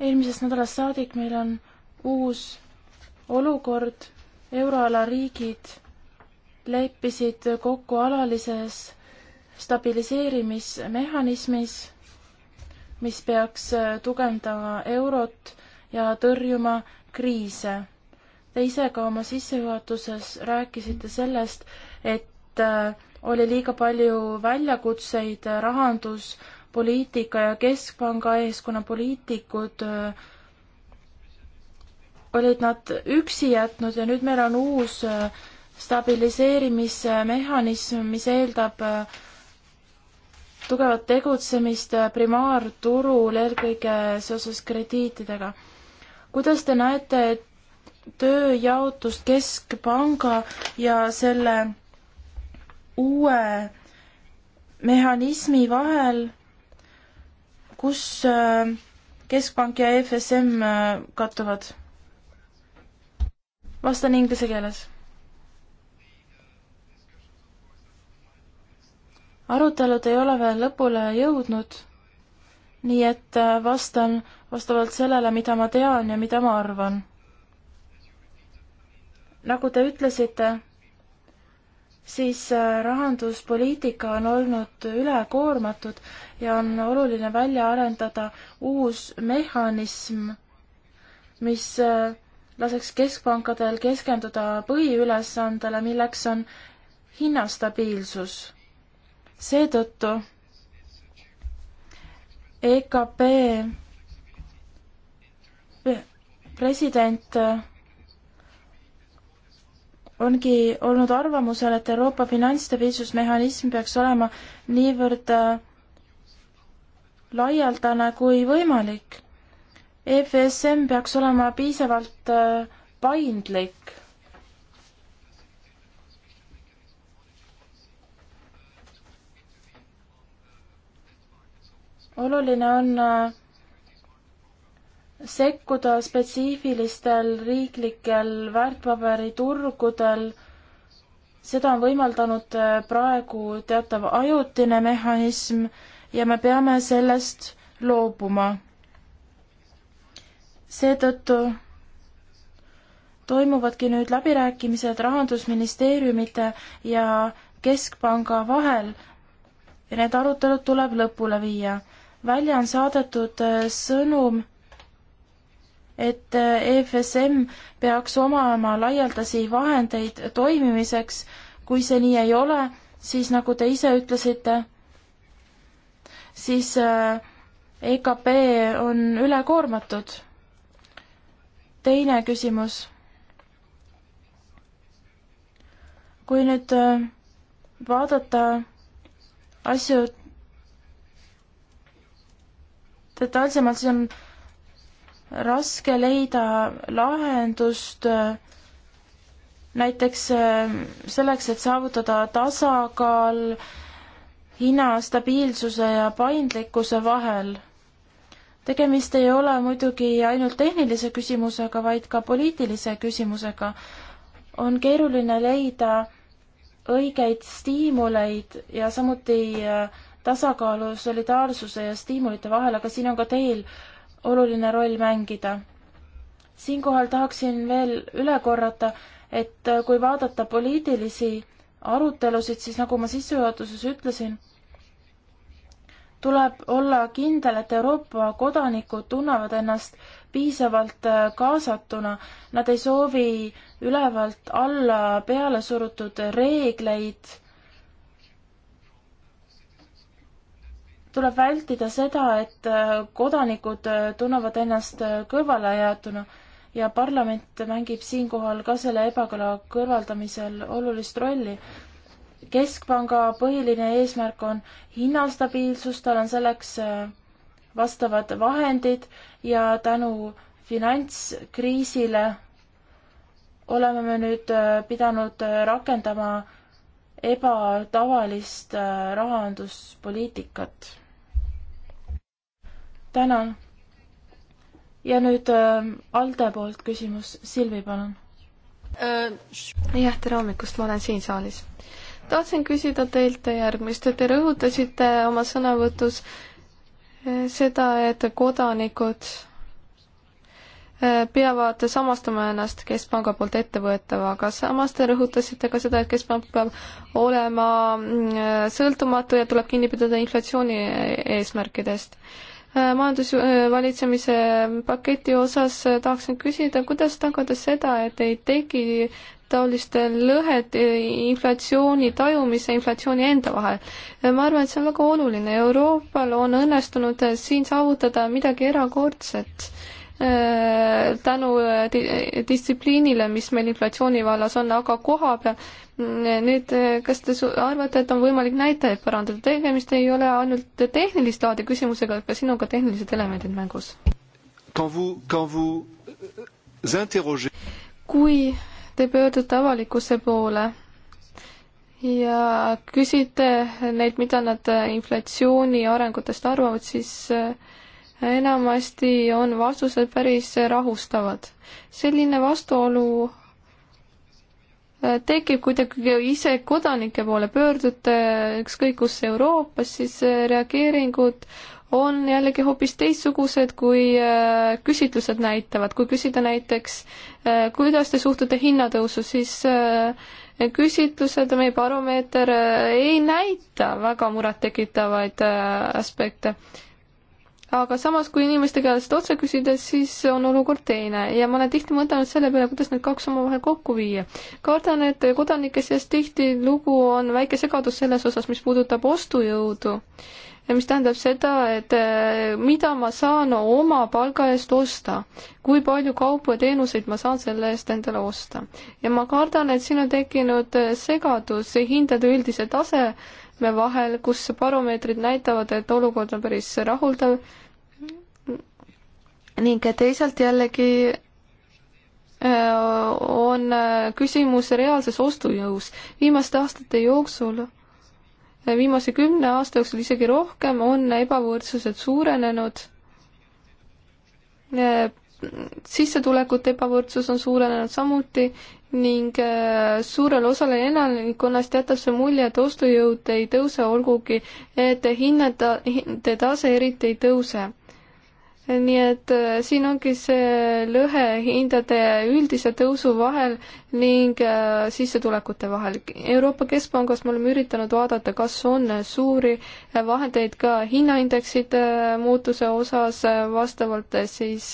eelmisest nädalast saadik meil on uus olukord, euroala riigid leppisid kokku alalises stabiliseerimismehhanismis, mis peaks tugevdama eurot ja tõrjuma kriise. Te ise ka oma sissejuhatuses rääkisite sellest, et äh, oli liiga palju väljakutseid rahanduspoliitika ja keskpanga ees, kuna poliitikud äh, olid nad üksi jätnud ja nüüd meil on uus äh, stabiliseerimismehhanism, mis eeldab äh, tugevat tegutsemist primaarturul, eelkõige seoses krediitidega. kuidas te näete tööjaotust Keskpanga ja selle uue mehhanismi vahel, kus äh, keskpank ja EFSM äh, kattuvad? vastan inglise keeles. arutelud ei ole veel lõpule jõudnud, nii et äh, vastan vastavalt sellele, mida ma tean ja mida ma arvan. nagu te ütlesite, siis äh, rahanduspoliitika on olnud ülekoormatud ja on oluline välja arendada uus mehhanism, mis äh, laseks keskpankadel keskenduda põhiülesandele, milleks on hinnastabiilsus. seetõttu EKP president äh, ongi olnud arvamusel, et Euroopa finantsstabiilsusmehhanism peaks olema niivõrd äh, laialdane kui võimalik. EFSM peaks olema piisavalt äh, paindlik. oluline on äh, sekkuda spetsiifilistel riiklikel väärtpaberiturgudel. seda on võimaldanud äh, praegu teatav ajutine mehhanism ja me peame sellest loobuma. seetõttu toimuvadki nüüd läbirääkimised rahandusministeeriumite ja keskpanga vahel ja need arutelud tuleb lõpule viia. välja on saadetud äh, sõnum et äh, EFSM peaks omama laialdasi vahendeid toimimiseks, kui see nii ei ole, siis nagu te ise ütlesite, siis äh, EKP on ülekoormatud. teine küsimus. kui nüüd äh, vaadata asju detailsemalt, siis on raske leida lahendust äh, näiteks äh, selleks, et saavutada tasakaal hinna stabiilsuse ja paindlikkuse vahel. tegemist ei ole muidugi ainult tehnilise küsimusega, vaid ka poliitilise küsimusega. on keeruline leida õigeid stiimuleid ja samuti äh, tasakaalu solidaarsuse ja stiimulite vahel, aga siin on ka teil oluline roll mängida. siinkohal tahaksin veel üle korrata, et äh, kui vaadata poliitilisi arutelusid, siis nagu ma sissejuhatuses ütlesin, tuleb olla kindel, et Euroopa kodanikud tunnevad ennast piisavalt äh, kaasatuna, nad ei soovi ülevalt alla peale surutud reegleid tuleb vältida seda, et äh, kodanikud äh, tunnevad ennast äh, kõrvalejäetuna ja parlament mängib siinkohal ka selle ebakõla kõrvaldamisel olulist rolli. keskpanga põhiline eesmärk on hinnastabiilsus, tal on selleks vastavad vahendid ja tänu finantskriisile oleme me nüüd pidanud rakendama ebatavalist rahanduspoliitikat tänan. ja nüüd äh, Alde poolt küsimus, Silvi, palun äh,. jah, tere hommikust, ma olen siin saalis. tahtsin küsida teilt järgmist, te rõhutasite oma sõnavõtus äh, seda, et kodanikud äh, peavad samastama ennast Keskpanga poolt ettevõetavaga, samas te rõhutasite ka seda, et Keskpank peab olema mm, sõltumatu ja tuleb kinni pidada inflatsiooni äh, eesmärkidest. Äh, majandusvalitsemise äh, äh, paketi osas tahaksin küsida, kuidas tagada seda, et ei teki taolist lõhet inflatsiooni tajumise, inflatsiooni enda vahel. ma arvan, et see on väga oluline, Euroopal on õnnestunud siin saavutada midagi erakordset tänu distsipliinile, mis meil inflatsiooni vallas on, aga koha peal nüüd, kas te arvate, et on võimalik näitajaid parandada, tegemist ei ole ainult tehnilist laadi küsimusega, aga siin on ka tehnilised elemendid mängus. Euh, kui te pöördute avalikkuse poole ja küsite neilt, mida nad inflatsiooni arengutest arvavad, siis äh, enamasti on vastused päris rahustavad. selline vastuolu tekib, kui te ise kodanike poole pöördute, ükskõik kus Euroopas, siis äh, reageeringud on jällegi hoopis teistsugused, kui äh, küsitlused näitavad. kui küsida näiteks, äh, kuidas te suhtute hinnatõusu, siis küsitlused, meie baromeeter ei näita väga murettekitavaid aspekte aga samas, kui inimeste käest otse küsida, siis on olukord teine ja ma olen tihti mõtelnud selle peale, kuidas need kaks omavahel kokku viia. kardan, et kodanike seas tihtilugu on väike segadus selles osas, mis puudutab ostujõudu ja mis tähendab seda, et äh, mida ma saan oma palga eest osta, kui palju kaupu ja teenuseid ma saan selle eest endale osta. ja ma kardan, et siin on tekkinud äh, segadus hindade üldise taseme vahel, kus baromeetrid näitavad, et olukord on päris rahuldav ning teisalt jällegi äh, on äh, küsimus reaalses ostujõus. viimaste aastate jooksul, äh, viimase kümne aasta jooksul isegi rohkem, on ebavõrdsused suurenenud. sissetulekute ebavõrdsus on suurenenud samuti ning suurele osale elanikkonnast jätab see mulje, et ostujõud ei tõuse, olgugi et hinnad, hindade tase eriti ei tõuse nii et äh, siin ongi see lõhe hindade üldise tõusu vahel ning äh, sissetulekute vahel. Euroopa Keskpangas me oleme üritanud vaadata, kas on suuri vahendeid ka hinnaindeksite äh, muutuse osas vastavalt siis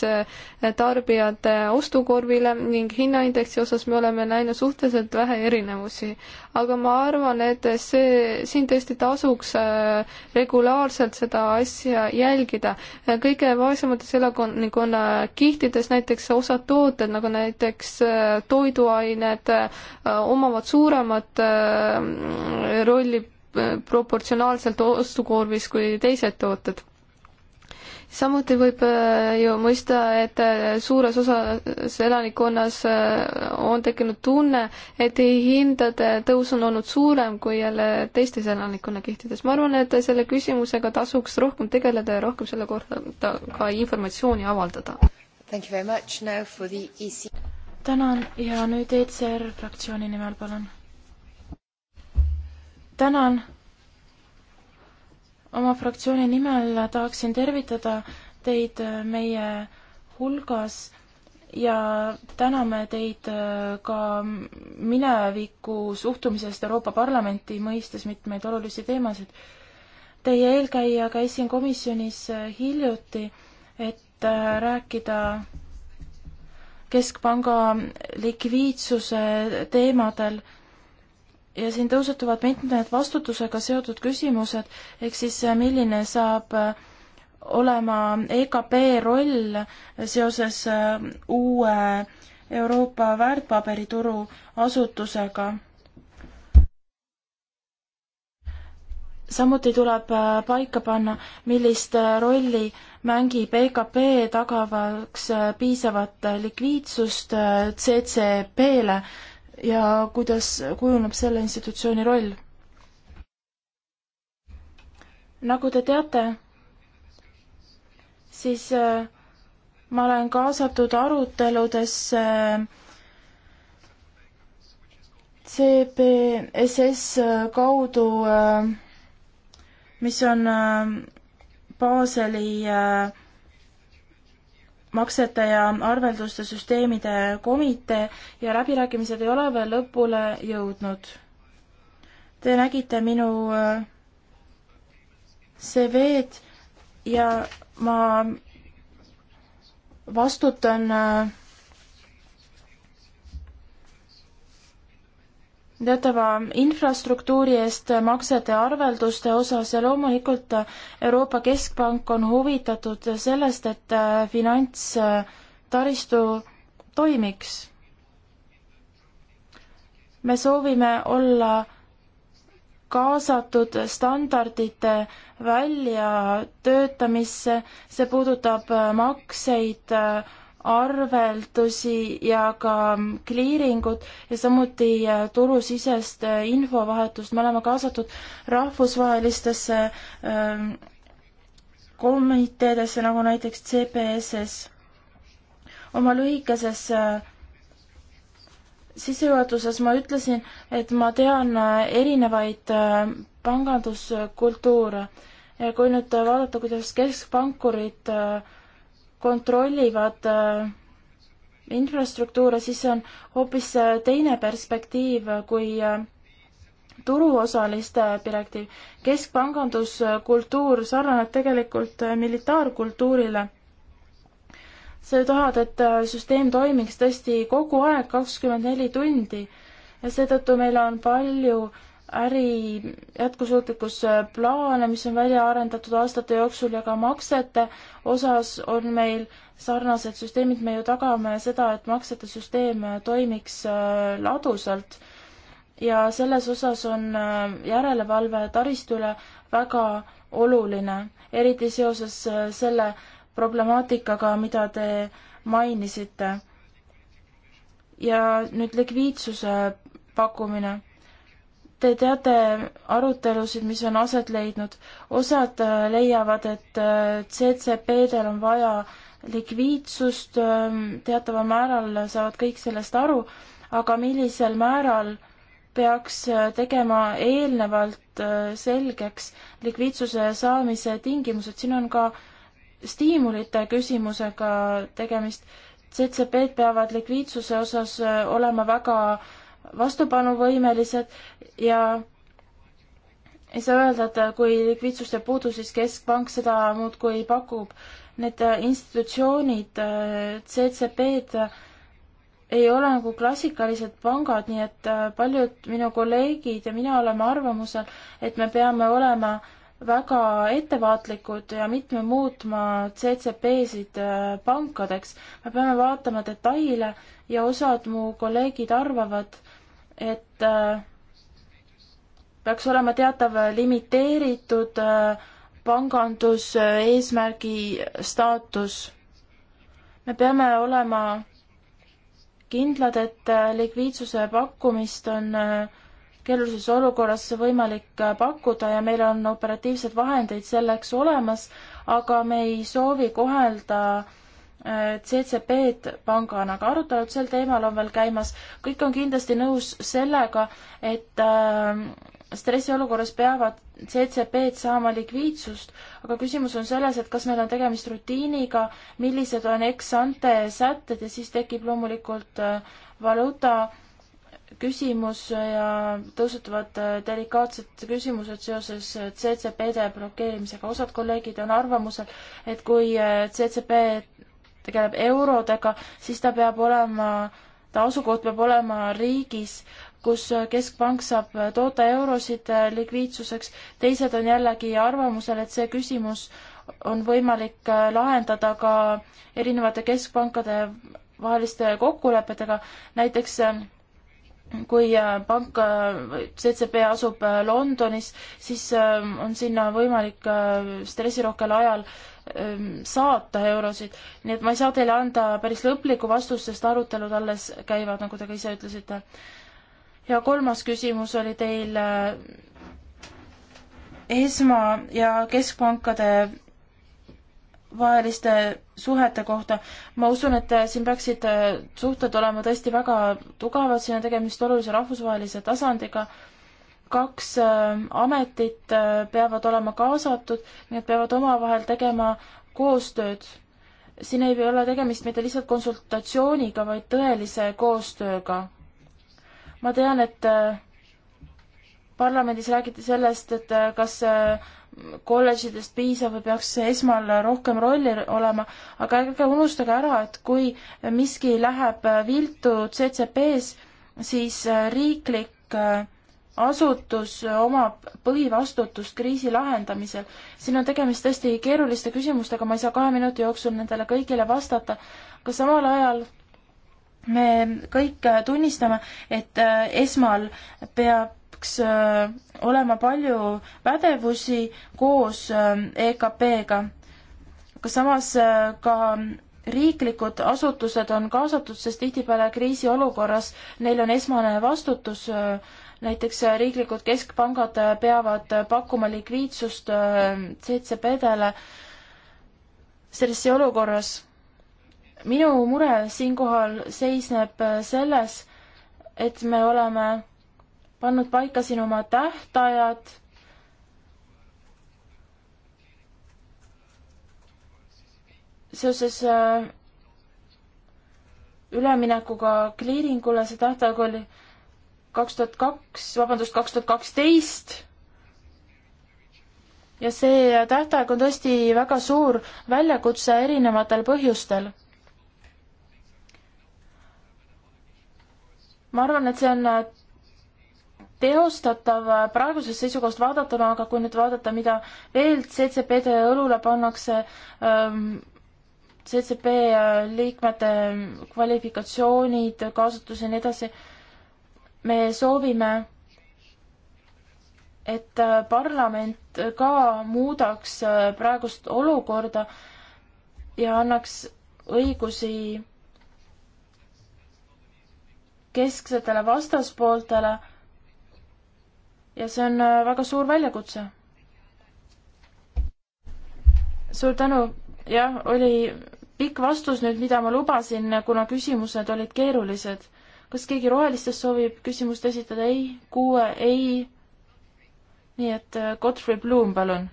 tarbijate ostukorvile ning hinnaindeksi osas me oleme näinud suhteliselt vähe erinevusi aga ma arvan, et see, siin tõesti tasuks äh, regulaarselt seda asja jälgida. Äh, kõige vaesemates elanikkonna kihtides näiteks osad tooted, nagu näiteks äh, toiduained, omavad suuremat rolli proportsionaalselt ostukorvis kui teised tooted samuti võib äh, ju mõista, et äh, suures osas elanikkonnas äh, on tekkinud tunne, et hindade tõus on olnud suurem kui jälle teistes elanikkonna kihtides. ma arvan, et selle küsimusega tasuks rohkem tegeleda ja rohkem selle kohta ka informatsiooni avaldada. E tänan ja nüüd ECR fraktsiooni nimel, palun. tänan oma fraktsiooni nimel tahaksin tervitada teid äh, meie hulgas ja täname teid äh, ka mineviku suhtumisest Euroopa Parlamenti, mõistes mitmeid olulisi teemasid. Teie eelkäija käis siin komisjonis äh, hiljuti, et rääkida keskpanga likviidsuse teemadel ja siin tõusetuvad mitmed vastutusega seotud küsimused, ehk siis äh, milline saab äh, olema EKP roll seoses äh, uue Euroopa väärtpaberituru asutusega. samuti tuleb paika panna, millist rolli mängib EKP tagavaks piisavat likviidsust CCP-le ja kuidas kujuneb selle institutsiooni roll? nagu te teate, siis äh, ma olen kaasatud aruteludesse äh, CBSS äh, kaudu, mis on Baseli äh, maksete ja arvelduste süsteemide komitee ja läbirääkimised ei ole veel lõpule jõudnud. Te nägite minu äh, CV-d ja ma vastutan äh, teatava infrastruktuuri eest maksete arvelduste osas ja loomulikult Euroopa Keskpank on huvitatud sellest, et finantstaristu toimiks. me soovime olla kaasatud standardite väljatöötamisse, see puudutab makseid äh, arveldusi ja ka kliiringut ja samuti äh, turusisest äh, infovahetust, me oleme kaasatud rahvusvahelistesse ähm, komiteedesse, nagu näiteks CBSS. oma lühikeses äh, sissejuhatuses ma ütlesin, et ma tean erinevaid panganduskultuure ja kui nüüd vaadata, kuidas keskpankurid äh, kontrollivad äh, infrastruktuure, siis see on hoopis äh, teine perspektiiv kui äh, turuosaliste direktiiv. keskpanganduskultuur sarnaneb tegelikult militaarkultuurile. sa ju tahad, et süsteem toimiks tõesti kogu aeg, kakskümmend neli tundi ja seetõttu meil on palju äri jätkusuutlikkusplaane, äh, mis on välja arendatud aastate jooksul ja ka maksete osas on meil sarnased süsteemid, me ju tagame seda, et maksete süsteem äh, toimiks äh, ladusalt ja selles osas on järelevalve taristu üle väga oluline, eriti seoses selle problemaatikaga, mida te mainisite. ja nüüd likviidsuse pakkumine Te teate arutelusid, mis on aset leidnud. osad äh, leiavad, et äh, CCP-del on vaja likviidsust, ähm, teataval määral saavad kõik sellest aru, aga millisel määral peaks äh, tegema eelnevalt selgeks likviidsuse saamise tingimused, siin on ka stiimulite küsimusega tegemist. CCP-d peavad likviidsuse osas olema väga äh, vastupanuvõimelised ja ei saa öelda, et kui likviidsust jääb puudu, siis keskpank seda muudkui pakub. Need institutsioonid, CCP-d ei ole nagu klassikalised pangad, nii et paljud minu kolleegid ja mina oleme arvamusel, et me peame olema äh, väga ettevaatlikud ja mitme muutma CCP-sid äh, pankadeks. me peame vaatama detaile ja osad mu kolleegid arvavad, et äh, peaks olema teatav limiteeritud äh, panganduseesmärgi staatus. me peame olema kindlad, et likviidsuse pakkumist on äh, keerulises olukorras võimalik äh, pakkuda ja meil on operatiivsed vahendeid selleks olemas, aga me ei soovi kohelda äh, CCP-d pangana, aga arutelud sel teemal on veel käimas. kõik on kindlasti nõus sellega, et äh, stressiolukorras peavad CCP-d saama likviidsust, aga küsimus on selles, et kas meil on tegemist rutiiniga, millised on ex-ante sätted ja siis tekib loomulikult valuuta küsimus ja tõusetuvad äh, delikaatsed küsimused seoses äh, CCP-de blokeerimisega. osad kolleegid on arvamusel, et kui äh, CCP tegeleb eurodega, siis ta peab olema, ta asukoht peab olema riigis, kus keskpank saab toota eurosid likviidsuseks. teised on jällegi arvamusel, et see küsimus on võimalik lahendada ka erinevate keskpankade vaheliste kokkulepetega. näiteks kui äh, pank äh, CCP asub äh, Londonis, siis on sinna võimalik stressirohkel ajal ähm, saata eurosid, nii et ma ei saa teile anda päris lõplikku vastust, sest arutelud alles käivad, nagu te ka ise ütlesite. ja kolmas küsimus oli teil esma- ja keskpankade vaheliste suhete kohta. ma usun, et äh, siin peaksid äh, suhted olema tõesti väga tugevad, siin on tegemist olulise rahvusvahelise tasandiga. kaks äh, ametit peavad olema kaasatud, need peavad omavahel tegema koostööd. siin ei ole tegemist mitte lihtsalt konsultatsiooniga, vaid tõelise koostööga. ma tean, et parlamendis räägiti sellest, et kas kolledžidest piisab või peaks esmal rohkem rolli olema, aga ärge unustage ära, et kui miski läheb viltu CCP-s, siis äh, riiklik äh, asutus omab põhivastutust kriisi lahendamisel. siin on tegemist tõesti keeruliste küsimustega, ma ei saa kahe minuti jooksul nendele kõigile vastata, aga samal ajal me kõik äh, tunnistame, et esmal peab peaks äh, olema palju pädevusi koos äh, EKP-ga. aga samas äh, ka riiklikud asutused on kaasatud, sest tihtipeale kriisiolukorras neil on esmane vastutus. näiteks riiklikud keskpangad peavad pakkuma likviidsust CCP-dele sellises olukorras. minu mure siinkohal seisneb selles, et me oleme pannud paika siin oma tähtajad. seoses äh, üleminekuga kliiringule, see tähtaeg oli kaks tuhat kaks, vabandust, kaks tuhat kaksteist ja see tähtaeg on tõesti väga suur väljakutse erinevatel põhjustel. ma arvan, et see on teostatav äh, praegusest seisukohast vaadatuna, aga kui nüüd vaadata, mida veel CCPD õlule pannakse ähm,, CCP äh, liikmete ähm, kvalifikatsioonid, kaasatus ja nii edasi, me soovime, et äh, parlament ka muudaks praegust olukorda ja annaks õigusi kesksetele vastaspooltele ja see on äh, väga suur väljakutse. suur tänu, jah, oli pikk vastus nüüd, mida ma lubasin, kuna küsimused olid keerulised. kas keegi rohelistest soovib küsimust esitada? ei, kuue, ei. nii et äh, Godfrey Bloom, palun.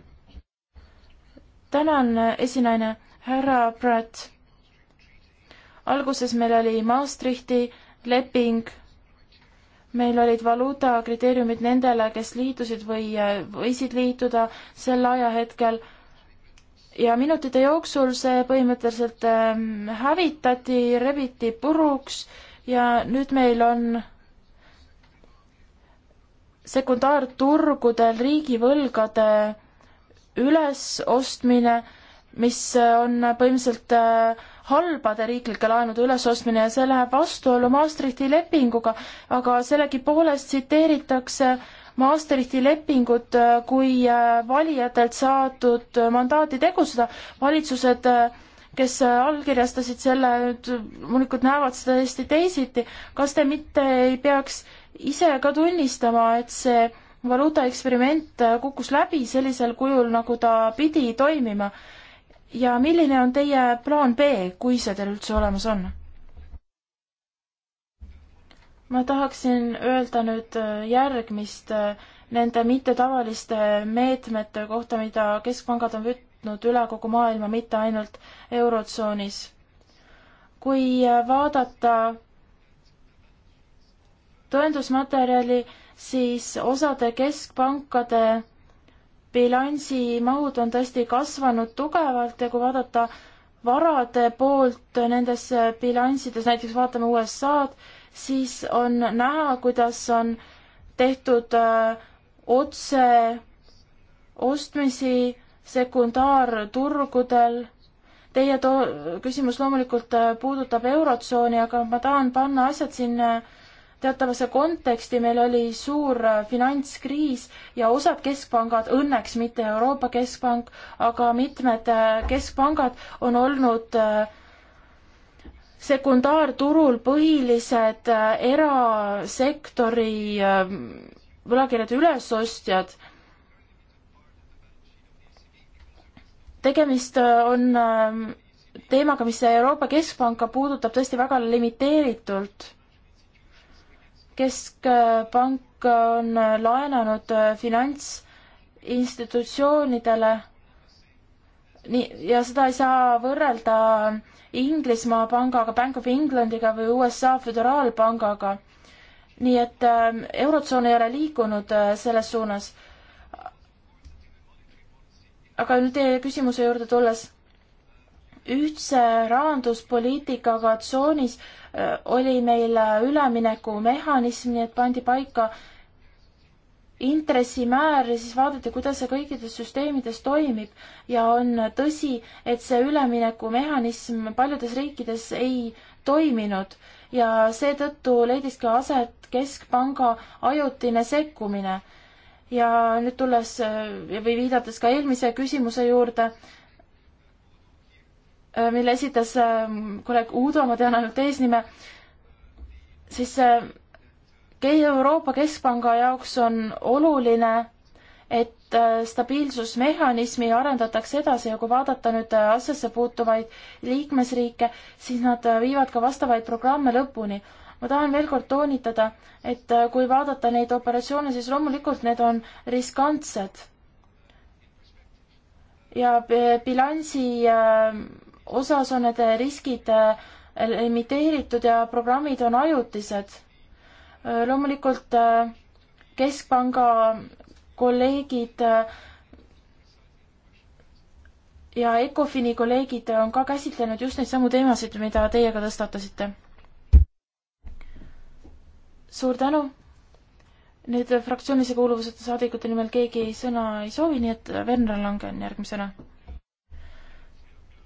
tänan, äh, esinaine, härra Pratt. alguses meil oli Maastrichti leping meil olid valuutakriteeriumid nendele, kes liitusid või äh, võisid liituda sel ajahetkel ja minutite jooksul see põhimõtteliselt ähm, hävitati, rebiti puruks ja nüüd meil on sekundaarturgudel riigivõlgade ülesostmine, mis äh, on põhimõtteliselt äh, halbade riiklike laenude ülesostmine ja see läheb vastuollu Maastrichti lepinguga, aga sellegipoolest tsiteeritakse Maastrichti lepingut äh, kui äh, valijatelt saadud äh, mandaati tegutseda. valitsused, kes allkirjastasid selle, nüüd loomulikult näevad seda täiesti teisiti. kas te mitte ei peaks ise ka tunnistama, et see valuutaeksperiment kukkus läbi sellisel kujul, nagu ta pidi toimima? ja milline on teie plaan B, kui see teil üldse olemas on? ma tahaksin öelda nüüd äh, järgmist äh, nende mittetavaliste meetmete kohta, mida keskpangad on võtnud üle kogu maailma, mitte ainult Eurotsoonis. kui äh, vaadata tõendusmaterjali, siis osade keskpankade bilansi mahud on tõesti kasvanud tugevalt ja kui vaadata varade poolt nendes bilanssides, näiteks vaatame USA-d, siis on näha, kuidas on tehtud äh, otse ostmisi sekundaarturgudel. Teie to-, küsimus loomulikult äh, puudutab Eurotsooni, aga ma tahan panna asjad siin äh, teatavasse konteksti, meil oli suur äh, finantskriis ja osad keskpangad, õnneks mitte Euroopa Keskpank, aga mitmed äh, keskpangad on olnud äh, sekundaarturul põhilised erasektori ähm, võlakirjade ülesostjad. tegemist on ähm, teemaga, mis Euroopa Keskpanka puudutab tõesti väga limiteeritult keskpank on laenanud äh, finantsinstitutsioonidele nii, ja seda ei saa võrrelda Inglismaa pangaga, Bank of Englandiga või USA föderaalpangaga. nii et äh, Eurotsoon ei ole liikunud äh, selles suunas. aga nüüd teie küsimuse juurde tulles, ühtse rahanduspoliitikaga tsoonis äh, oli meil üleminekumehhanism, nii et pandi paika intressimäär ja siis vaadati, kuidas see kõikides süsteemides toimib ja on tõsi, et see üleminekumehhanism paljudes riikides ei toiminud ja seetõttu leidiski aset keskpanga ajutine sekkumine. ja nüüd tulles või viidates ka eelmise küsimuse juurde, Äh, mille esitas ähm, kolleeg Uudo, ma tean ainult eesnime, siis äh, Euroopa Keskpanga jaoks on oluline, et äh, stabiilsusmehhanismi arendatakse edasi ja kui vaadata nüüd asjasse puutuvaid liikmesriike, siis nad viivad ka vastavaid programme lõpuni. ma tahan veel kord toonitada, et kui vaadata neid operatsioone, siis loomulikult need on riskantsed ja bilansi osas on need riskid äh, limiteeritud ja programmid on ajutised. Äh, loomulikult äh, keskpanga kolleegid ja Ecofini kolleegid on ka käsitlenud just neid samu teemasid, mida teie ka tõstatasite. suur tänu. nüüd fraktsioonilise kuuluvuseta saadikute nimel keegi sõna ei soovi, nii et Venra Langen järgmisena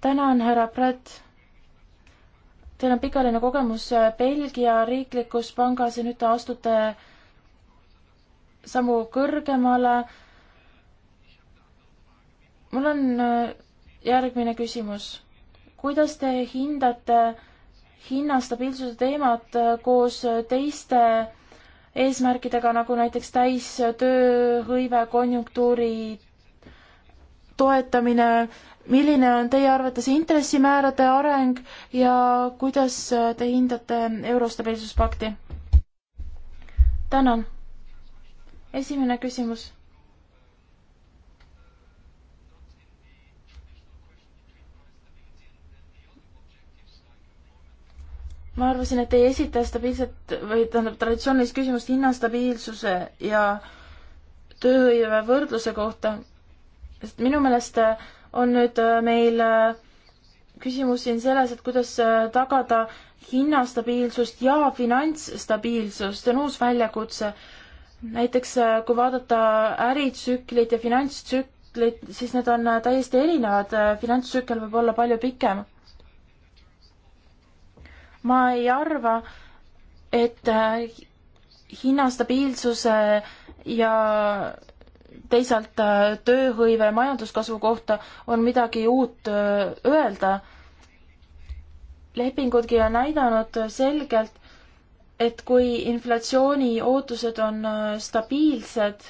tänan, härra Pratt. Teil on pikaline kogemus äh, Belgia riiklikus pangas ja nüüd te astute sammu kõrgemale. mul on äh, järgmine küsimus. kuidas te hindate hinnastabiilsuse teemat äh, koos teiste eesmärkidega, nagu näiteks täistööhõive, konjunktuuri toetamine, milline on teie arvates intressimäärade areng ja kuidas äh, te hindate Eurostabiilsuspakti? tänan. esimene küsimus ma arvasin, et ei esita stabiilset või tähendab traditsioonilist küsimust hinnastabiilsuse ja tööhõive võrdluse kohta, sest minu meelest äh, on nüüd äh, meil äh, küsimus siin selles, et kuidas tagada hinnastabiilsust ja finantsstabiilsust, see on uus väljakutse. näiteks kui vaadata äritsüklit ja finantstsüklit, siis need on täiesti erinevad, finantstsükkel võib olla palju pikem. ma ei arva, et hinnastabiilsuse ja teisalt äh, tööhõive majanduskasvu kohta on midagi uut äh, öelda. lepingudki on näidanud äh, selgelt, et kui inflatsiooni ootused on stabiilsed,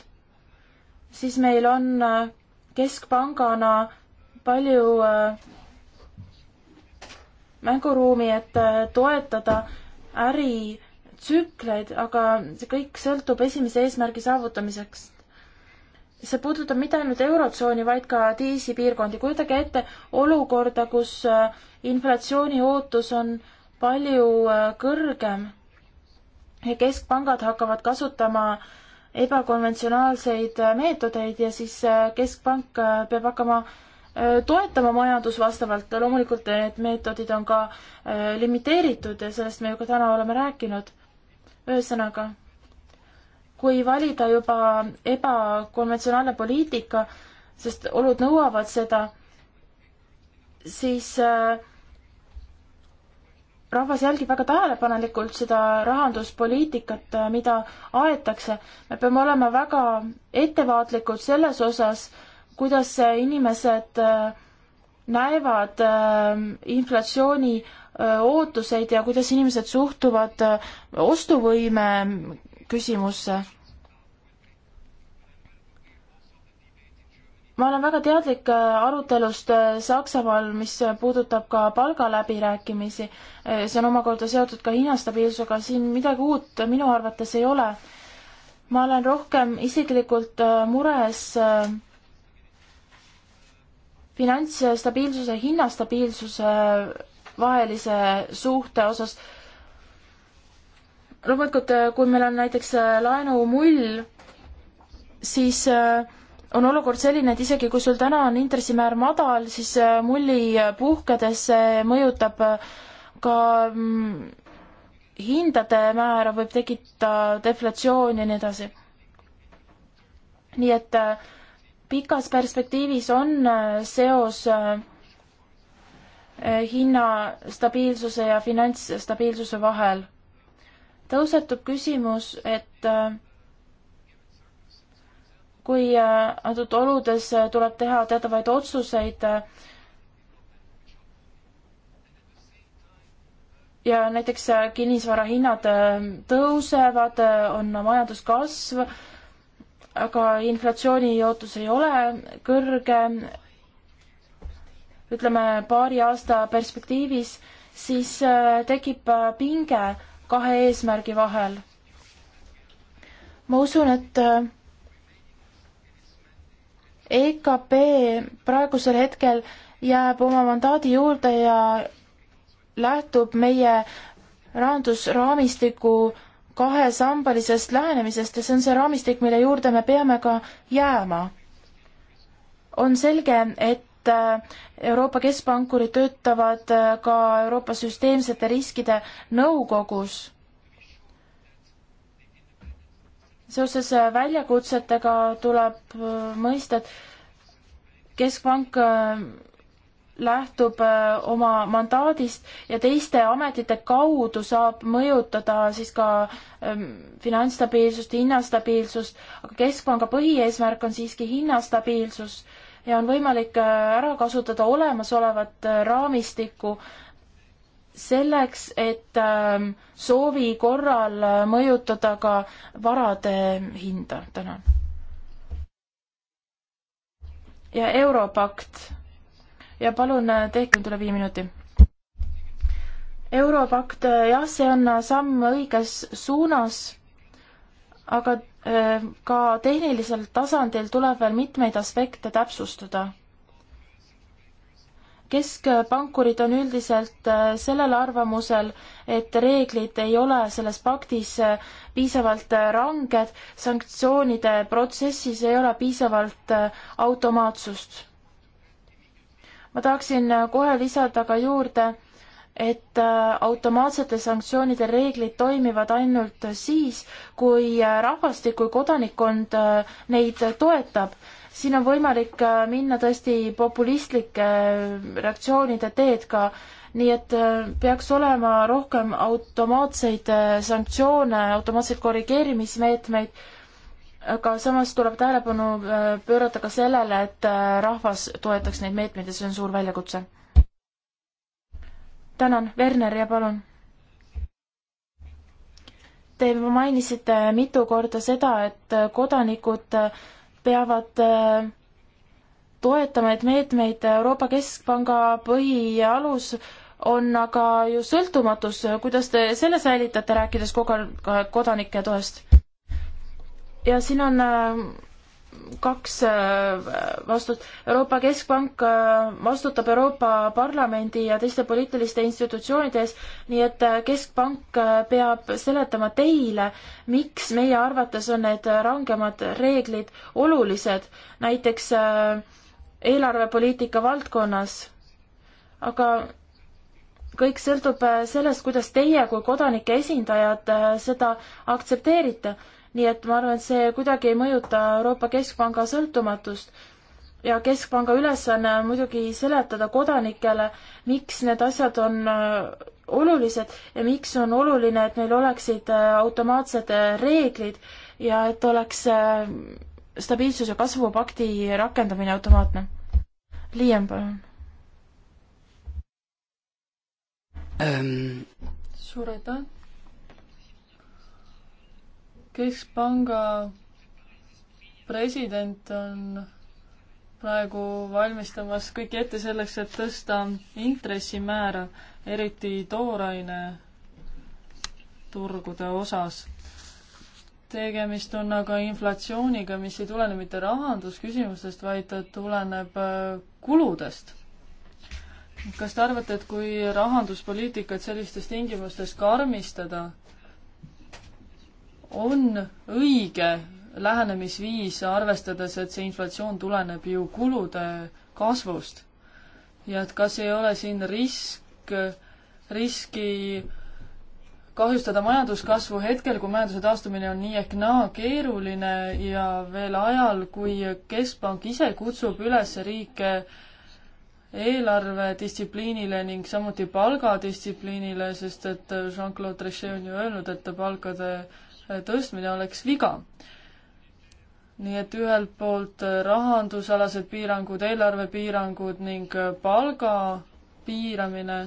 siis meil on keskpangana palju mänguruumi, et toetada äritsükleid, aga see kõik sõltub esimese eesmärgi saavutamiseks see puudutab mitte ainult Eurotsooni, vaid ka teisi piirkondi. kujutage ette olukorda, kus äh, inflatsiooni ootus on palju äh, kõrgem ja keskpangad hakkavad kasutama ebakonventsionaalseid äh, meetodeid ja siis keskpank peab hakkama toetama majandus vastavalt. loomulikult need meetodid on ka limiteeritud ja sellest me ju ka täna oleme rääkinud. ühesõnaga kui valida juba ebakonventsionaalne poliitika, sest olud nõuavad seda, siis äh, rahvas jälgib väga tähelepanelikult seda rahanduspoliitikat, äh, mida aetakse. me peame olema väga ettevaatlikud selles osas, kuidas inimesed äh, näevad inflatsiooni ootuseid ja kuidas inimesed suhtuvad ostuvõime küsimusse. ma olen väga teadlik äh, arutelust äh, Saksamaal, mis äh, puudutab ka palgaläbirääkimisi. see on omakorda seotud ka Hiina stabiilsusega, siin midagi uut minu arvates ei ole. ma olen rohkem isiklikult mures finantsstabiilsuse, hinnastabiilsuse vahelise suhte osas robotkud, noh, äh, kui meil on näiteks äh, laenumull, siis äh, on olukord selline, et isegi kui sul täna on intressimäär madal, siis mulli puhkedes see mõjutab ka mm, hindade määra, võib tekitada deflatsiooni ja nii edasi. nii et pikas perspektiivis on seos hinna stabiilsuse ja finantsstabiilsuse vahel tõusetub küsimus, et äh, kui äh, antud oludes äh, tuleb teha teatavaid otsuseid ja näiteks kinnisvara hinnad tõusevad, on majanduskasv, aga inflatsiooni ootus ei ole kõrge, ütleme paari aasta perspektiivis, siis tekib pinge kahe eesmärgi vahel. ma usun, et äh, EKP praegusel hetkel jääb oma mandaadi juurde ja lähtub meie rahandusraamistiku kahesambalisest lähenemisest ja see on see raamistik, mille juurde me peame ka jääma. on selge, et Äh, Euroopa keskpankurid töötavad äh, ka Euroopa süsteemsete riskide nõukogus. seoses äh, väljakutsetega tuleb mõista, et keskpank lähtub oma mandaadist ja teiste ametite kaudu saab mõjutada siis ka ähm, finantsstabiilsust, hinnastabiilsust, aga keskpanga põhieesmärk on siiski hinnastabiilsus ja on võimalik äh, ära kasutada olemasolevat äh, raamistikku selleks, et ähm, soovi korral äh, mõjutada ka varade hinda. tänan. ja Europakt ja palun tehke nüüd üle viie minuti. Europakt, jah, see on samm õiges suunas, aga Äh, ka tehnilisel tasandil tuleb veel mitmeid aspekte täpsustada. keskpankurid on üldiselt äh, sellel arvamusel, et reeglid ei ole selles paktis äh, piisavalt ranged, sanktsioonide protsessis ei ole piisavalt automaatsust. ma tahaksin kohe lisada ka juurde, et äh, automaatsete sanktsioonide reeglid toimivad ainult siis, kui äh, rahvastik kui kodanikkond äh, neid toetab. siin on võimalik minna tõesti populistlike reaktsioonide teed ka, nii et peaks olema rohkem automaatseid sanktsioone, automaatseid korrigeerimismeetmeid, aga samas tuleb tähelepanu pöörata ka sellele, et rahvas toetaks neid meetmeid ja see on suur väljakutse tänan, Werner ja palun. Te mainisite mitu korda seda, et kodanikud peavad äh, toetama neid meetmeid, Euroopa Keskpanga põhialus on aga ju sõltumatus, kuidas te selle säilitate, rääkides kogu aeg kodanike toest? ja siin on äh, kaks äh, vastut-, Euroopa Keskpank äh, vastutab Euroopa Parlamendi ja teiste poliitiliste institutsioonide ees, nii et äh, Keskpank peab seletama teile, miks meie arvates on need rangemad reeglid olulised, näiteks eelarvepoliitika valdkonnas. aga kõik sõltub sellest, kuidas teie kui kodanike esindajad seda aktsepteerite nii et ma arvan, et see kuidagi ei mõjuta Euroopa Keskpanga sõltumatust. ja Keskpanga ülesanne on muidugi seletada kodanikele, miks need asjad on äh, olulised ja miks on oluline, et meil oleksid äh, automaatsed äh, reeglid ja et oleks stabiilsus- ja kasvupakti rakendamine automaatne. Liiem, palun ähm.. suur aitäh keskpanga president on praegu valmistamas kõiki ette selleks, et tõsta intressimäära, eriti tooraine turgude osas. tegemist on aga inflatsiooniga, mis ei tulene mitte rahandusküsimustest, vaid ta tuleneb äh, kuludest. kas te arvate, et kui rahanduspoliitikat sellistes tingimustes karmistada ka on õige lähenemisviis, arvestades, et see inflatsioon tuleneb ju kulude kasvust. ja et kas ei ole siin risk, riski kahjustada majanduskasvu hetkel, kui majanduse taastumine on nii ehk naa keeruline ja veel ajal, kui Keskpank ise kutsub üles riike eelarvedistsipliinile ning samuti palgadistsipliinile, sest et Jean-Claude Trichet on ju öelnud, et palkade äh, tõstmine oleks viga. nii et ühelt poolt äh, rahandusalased piirangud, eelarvepiirangud ning äh, palga piiramine,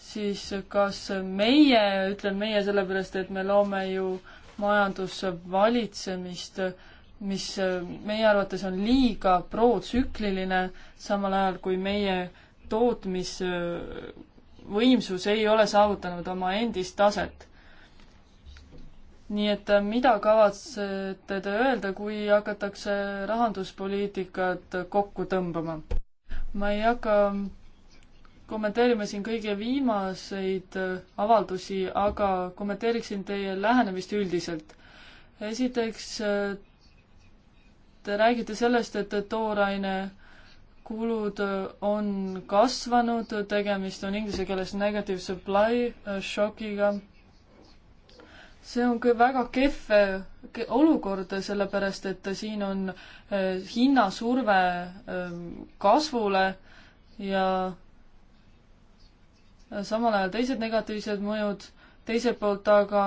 siis kas meie, ütlen meie sellepärast, et me loome ju majandusvalitsemist, mis äh, meie arvates on liiga protsükliline, samal ajal kui meie tootmisvõimsus ei ole saavutanud oma endist taset nii et äh, mida kavatsete te öelda, kui hakatakse rahanduspoliitikat kokku tõmbama? ma ei hakka mm, kommenteerima siin kõige viimaseid äh, avaldusi, aga kommenteeriksin teie lähenemist üldiselt. esiteks, äh, te räägite sellest, et tooraine kulud on kasvanud, tegemist on inglise keeles negative supply šokiga äh, see on ka väga kehv olukord, sellepärast et siin on eh, hinnasurve ehm, kasvule ja samal ajal teised negatiivsed mõjud, teiselt poolt aga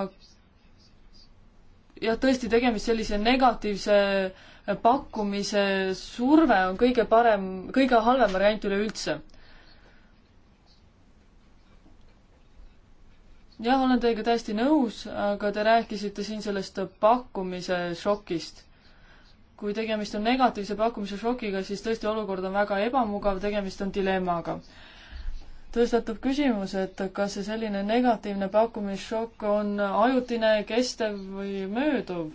jah, tõesti tegemist sellise negatiivse eh, pakkumise surve on kõige parem, kõige halvem variant üleüldse jah, olen teiega täiesti nõus, aga te rääkisite siin sellest pakkumise šokist. kui tegemist on negatiivse pakkumise šokiga, siis tõesti olukord on väga ebamugav, tegemist on dilemmaga. tõstatub küsimus, et kas see selline negatiivne pakkumisšokk on ajutine, kestev või mööduv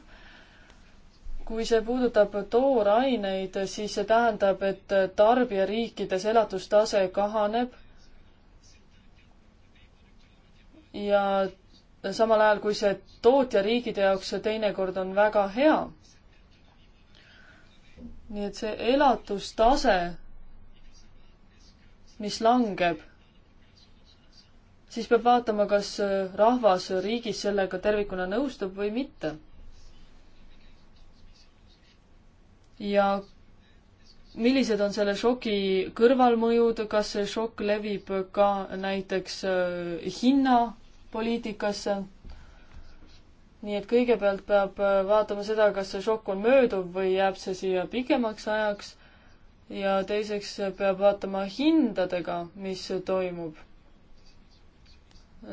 kui see puudutab tooraineid, siis see tähendab, et tarbijariikides elatustase kahaneb ja samal ajal, kui see tootjariigide jaoks teinekord on väga hea. nii et see elatustase, mis langeb, siis peab vaatama, kas rahvas riigis sellega tervikuna nõustub või mitte. ja millised on selle šoki kõrvalmõjud, kas see šokk levib ka näiteks äh, hinna poliitikasse. nii et kõigepealt peab äh, vaatama seda, kas see šokk on mööduv või jääb see siia pikemaks ajaks ja teiseks äh, peab vaatama hindadega, mis toimub.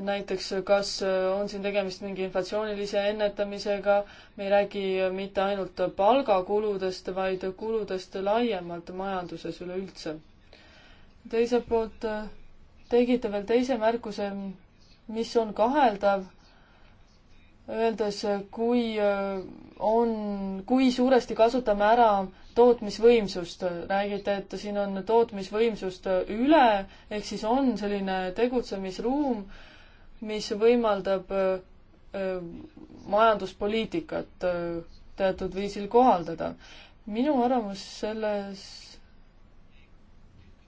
näiteks, äh, kas on siin tegemist mingi inflatsioonilise ennetamisega, me ei räägi mitte ainult palgakuludest, vaid kuludest laiemalt majanduses üleüldse. teiselt poolt tegite veel teise märkuse, mis on kaheldav, öeldes, kui äh, on, kui suuresti kasutame ära tootmisvõimsust, räägite, et siin on tootmisvõimsust üle, ehk siis on selline tegutsemisruum, mis võimaldab äh, majanduspoliitikat äh, teatud viisil kohaldada. minu arvamus selles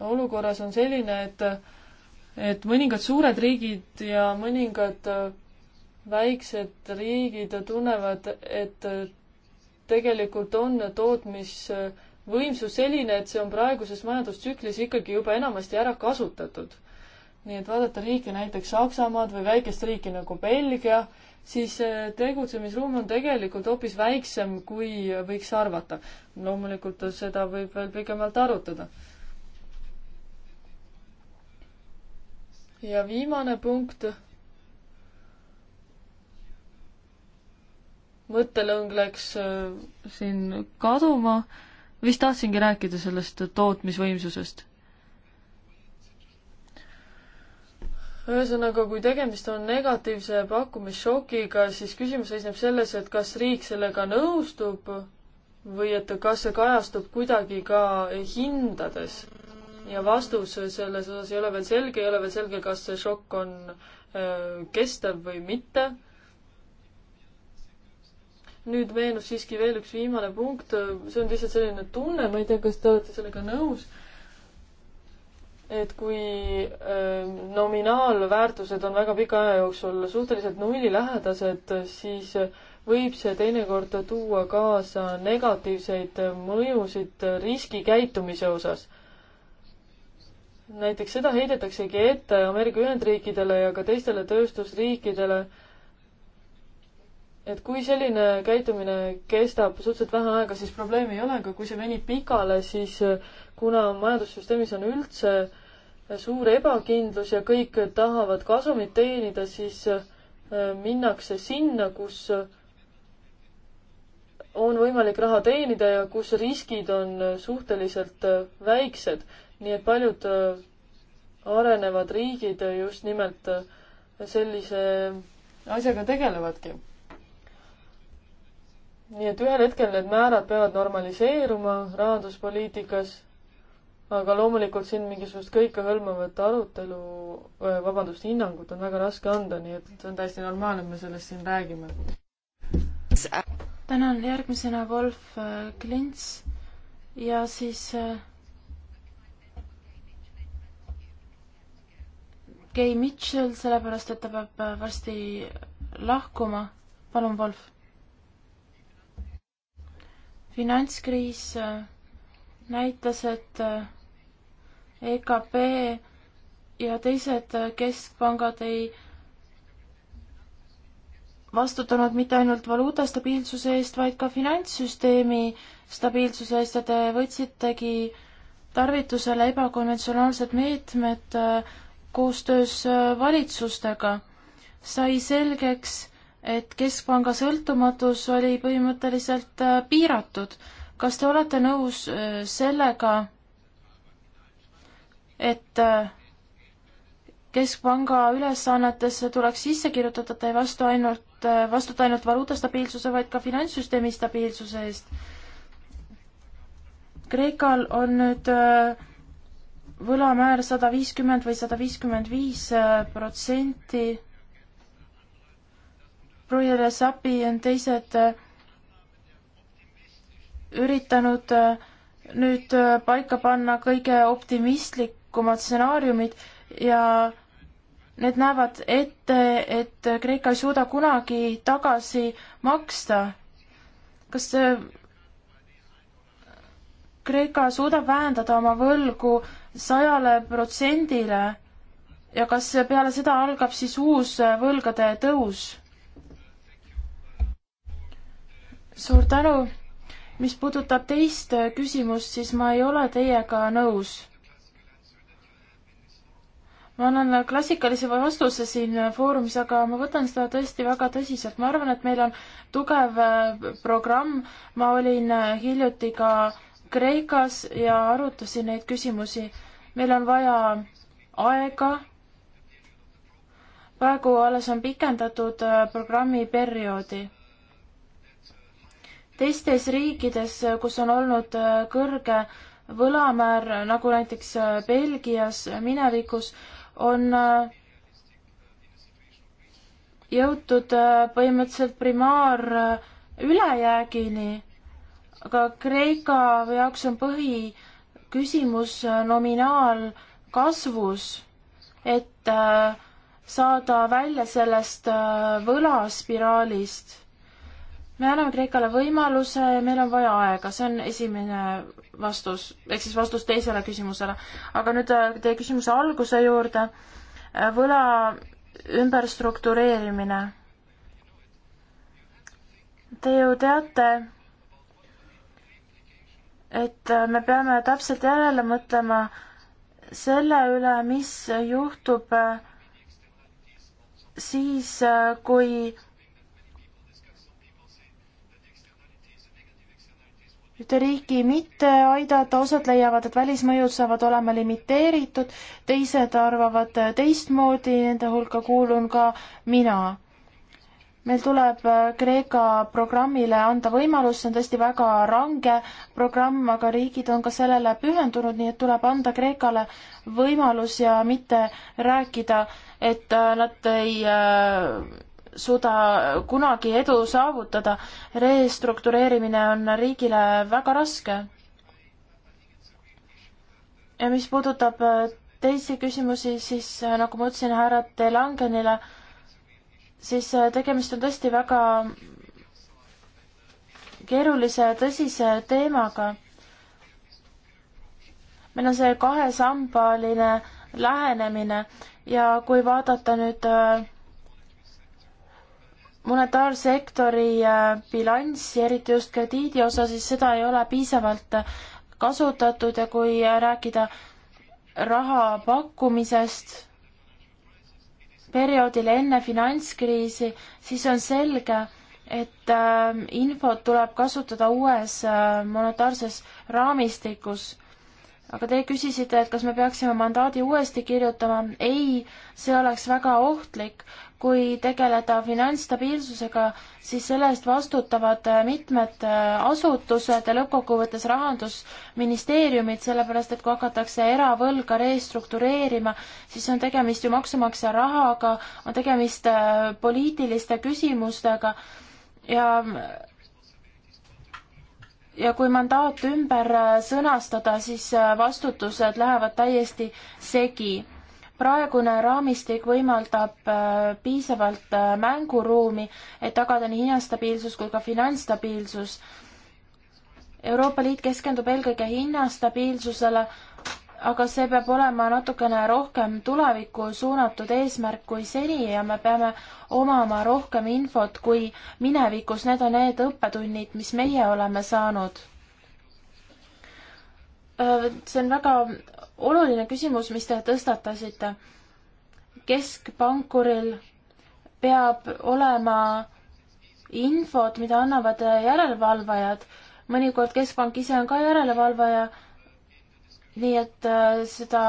olukorras on selline, et et mõningad suured riigid ja mõningad äh, väiksed riigid tunnevad, et äh, tegelikult on tootmisvõimsus selline, et see on praeguses majandustsüklis ikkagi juba enamasti ära kasutatud. nii et vaadata riike, näiteks Saksamaad või väikest riiki nagu Belgia, siis äh, tegutsemisruum on tegelikult hoopis väiksem, kui võiks arvata. loomulikult seda võib veel pikemalt arutada ja viimane punkt. mõttelõng läks äh, siin kaduma. vist tahtsingi rääkida sellest tootmisvõimsusest ühesõnaga, kui tegemist on negatiivse pakkumisšokiga, siis küsimus seisneb selles, et kas riik sellega nõustub või et kas see kajastub kuidagi ka hindades ja vastus selles osas ei ole veel selge, ei ole veel selge, kas see šokk on äh, kestev või mitte. nüüd meenus siiski veel üks viimane punkt, see on lihtsalt selline tunne, ma ei tea, kas te olete sellega nõus, et kui äh, nominaalväärtused on väga pika aja jooksul suhteliselt nullilähedased, siis võib see teinekord tuua kaasa negatiivseid mõjusid riskikäitumise osas näiteks seda heidetaksegi ette Ameerika Ühendriikidele ja ka teistele tööstusriikidele, et kui selline käitumine kestab suhteliselt vähe aega, siis probleemi ei ole, aga kui see venib pikale, siis kuna majandussüsteemis on üldse suur ebakindlus ja kõik tahavad kasumit teenida, siis äh, minnakse sinna, kus on võimalik raha teenida ja kus riskid on suhteliselt äh, väiksed nii et paljud äh, arenevad riigid äh, just nimelt äh, sellise asjaga tegelevadki. nii et ühel hetkel need määrad peavad normaliseeruma rahanduspoliitikas, aga loomulikult siin mingisugust kõikehõlmavat arutelu, vabandust, hinnangut on väga raske anda, nii et see on täiesti normaalne, et me sellest siin räägime. tänan, järgmisena Wolf Klints ja siis äh, Gay Mitchell, sellepärast et ta peab äh, varsti lahkuma. palun, Wolf. finantskriis äh, näitas, et äh, EKP ja teised keskpangad ei vastutanud mitte ainult valuuta stabiilsuse eest, vaid ka finantssüsteemi stabiilsuse eest ja te võtsitegi tarvitusele ebakonventsionaalsed meetmed äh, koostöös äh, valitsustega. sai selgeks, et Keskpanga sõltumatus oli põhimõtteliselt äh, piiratud. kas te olete nõus äh, sellega, et keskpanga ülesannetesse tuleks sisse kirjutada, et ta ei vastu ainult, vastuta ainult valuuta stabiilsuse, vaid ka finantssüsteemi stabiilsuse eest. Kreekal on nüüd äh, võlamäär sada viiskümmend või sada viiskümmend viis äh, protsenti. Broiler Sapi on teised äh, üritanud äh, nüüd paika panna kõige optimistlikumad stsenaariumid ja need näevad ette, et Kreeka ei suuda kunagi tagasi maksta. kas Kreeka suudab vähendada oma võlgu sajale protsendile ja kas peale seda algab siis uus võlgade tõus? suur tänu. mis puudutab teist küsimust, siis ma ei ole teiega nõus. ma annan klassikalise vastuse siin Foorumis, aga ma võtan seda tõesti väga tõsiselt. ma arvan, et meil on tugev äh, programm. ma olin äh, hiljuti ka Kreekas ja arutasin neid küsimusi. meil on vaja aega. praegu alles on pikendatud äh, programmi perioodi. teistes riikides, äh, kus on olnud äh, kõrge võlamäär, nagu näiteks Belgias minevikus, on jõutud põhimõtteliselt primaarülejäägini aga Kreeka jaoks on põhiküsimus nominaalkasvus, et äh, saada välja sellest äh, võlaspiraalist. me anname Kreekale võimaluse, meil on vaja aega, see on esimene vastus, ehk siis vastus teisele küsimusele. aga nüüd äh, teie küsimuse alguse juurde, võla ümberstruktureerimine. Te ju teate, et äh, me peame täpselt järele mõtlema selle üle, mis juhtub äh, siis, äh, kui ühte riiki mitte aidata, osad leiavad, et välismõjud saavad olema limiteeritud, teised arvavad teistmoodi, nende hulka kuulun ka mina meil tuleb äh, Kreeka programmile anda võimalus, see on tõesti väga range programm, aga riigid on ka sellele pühendunud, nii et tuleb anda Kreekale võimalus ja mitte rääkida, et äh, nad ei äh, suuda kunagi edu saavutada. restruktureerimine on riigile väga raske. ja mis puudutab teisi küsimusi, siis nagu ma ütlesin härra De Langenile, siis äh, tegemist on tõesti väga keerulise ja tõsise teemaga. meil on see kahesambaline lähenemine ja kui vaadata nüüd äh, monetaarsektori äh, bilanssi, eriti just krediidi osa, siis seda ei ole piisavalt kasutatud ja kui rääkida raha pakkumisest, perioodil enne finantskriisi, siis on selge, et äh, infot tuleb kasutada uues äh, monetaarses raamistikus. aga te küsisite, et kas me peaksime mandaadi uuesti kirjutama. ei, see oleks väga ohtlik kui tegeleda finantsstabiilsusega, siis selle eest vastutavad äh, mitmed äh, asutused ja lõppkokkuvõttes rahandusministeeriumid, sellepärast et kui hakatakse eravõlga restruktureerima, siis on tegemist ju maksumaksja rahaga, on tegemist äh, poliitiliste küsimustega ja ja kui mandaat ümber sõnastada, siis vastutused lähevad täiesti segi praegune raamistik võimaldab äh, piisavalt äh, mänguruumi, et tagada nii hinnastabiilsus kui ka finantsstabiilsus. Euroopa Liit keskendub eelkõige hinnastabiilsusele, aga see peab olema natukene rohkem tulevikku suunatud eesmärk kui seni ja me peame omama rohkem infot kui minevikus, need on need õppetunnid, mis meie oleme saanud. Äh, see on väga oluline küsimus, mis te tõstatasite. keskpankuril peab olema infot, mida annavad järelevalvajad. mõnikord keskpank ise on ka järelevalvaja, nii et äh, seda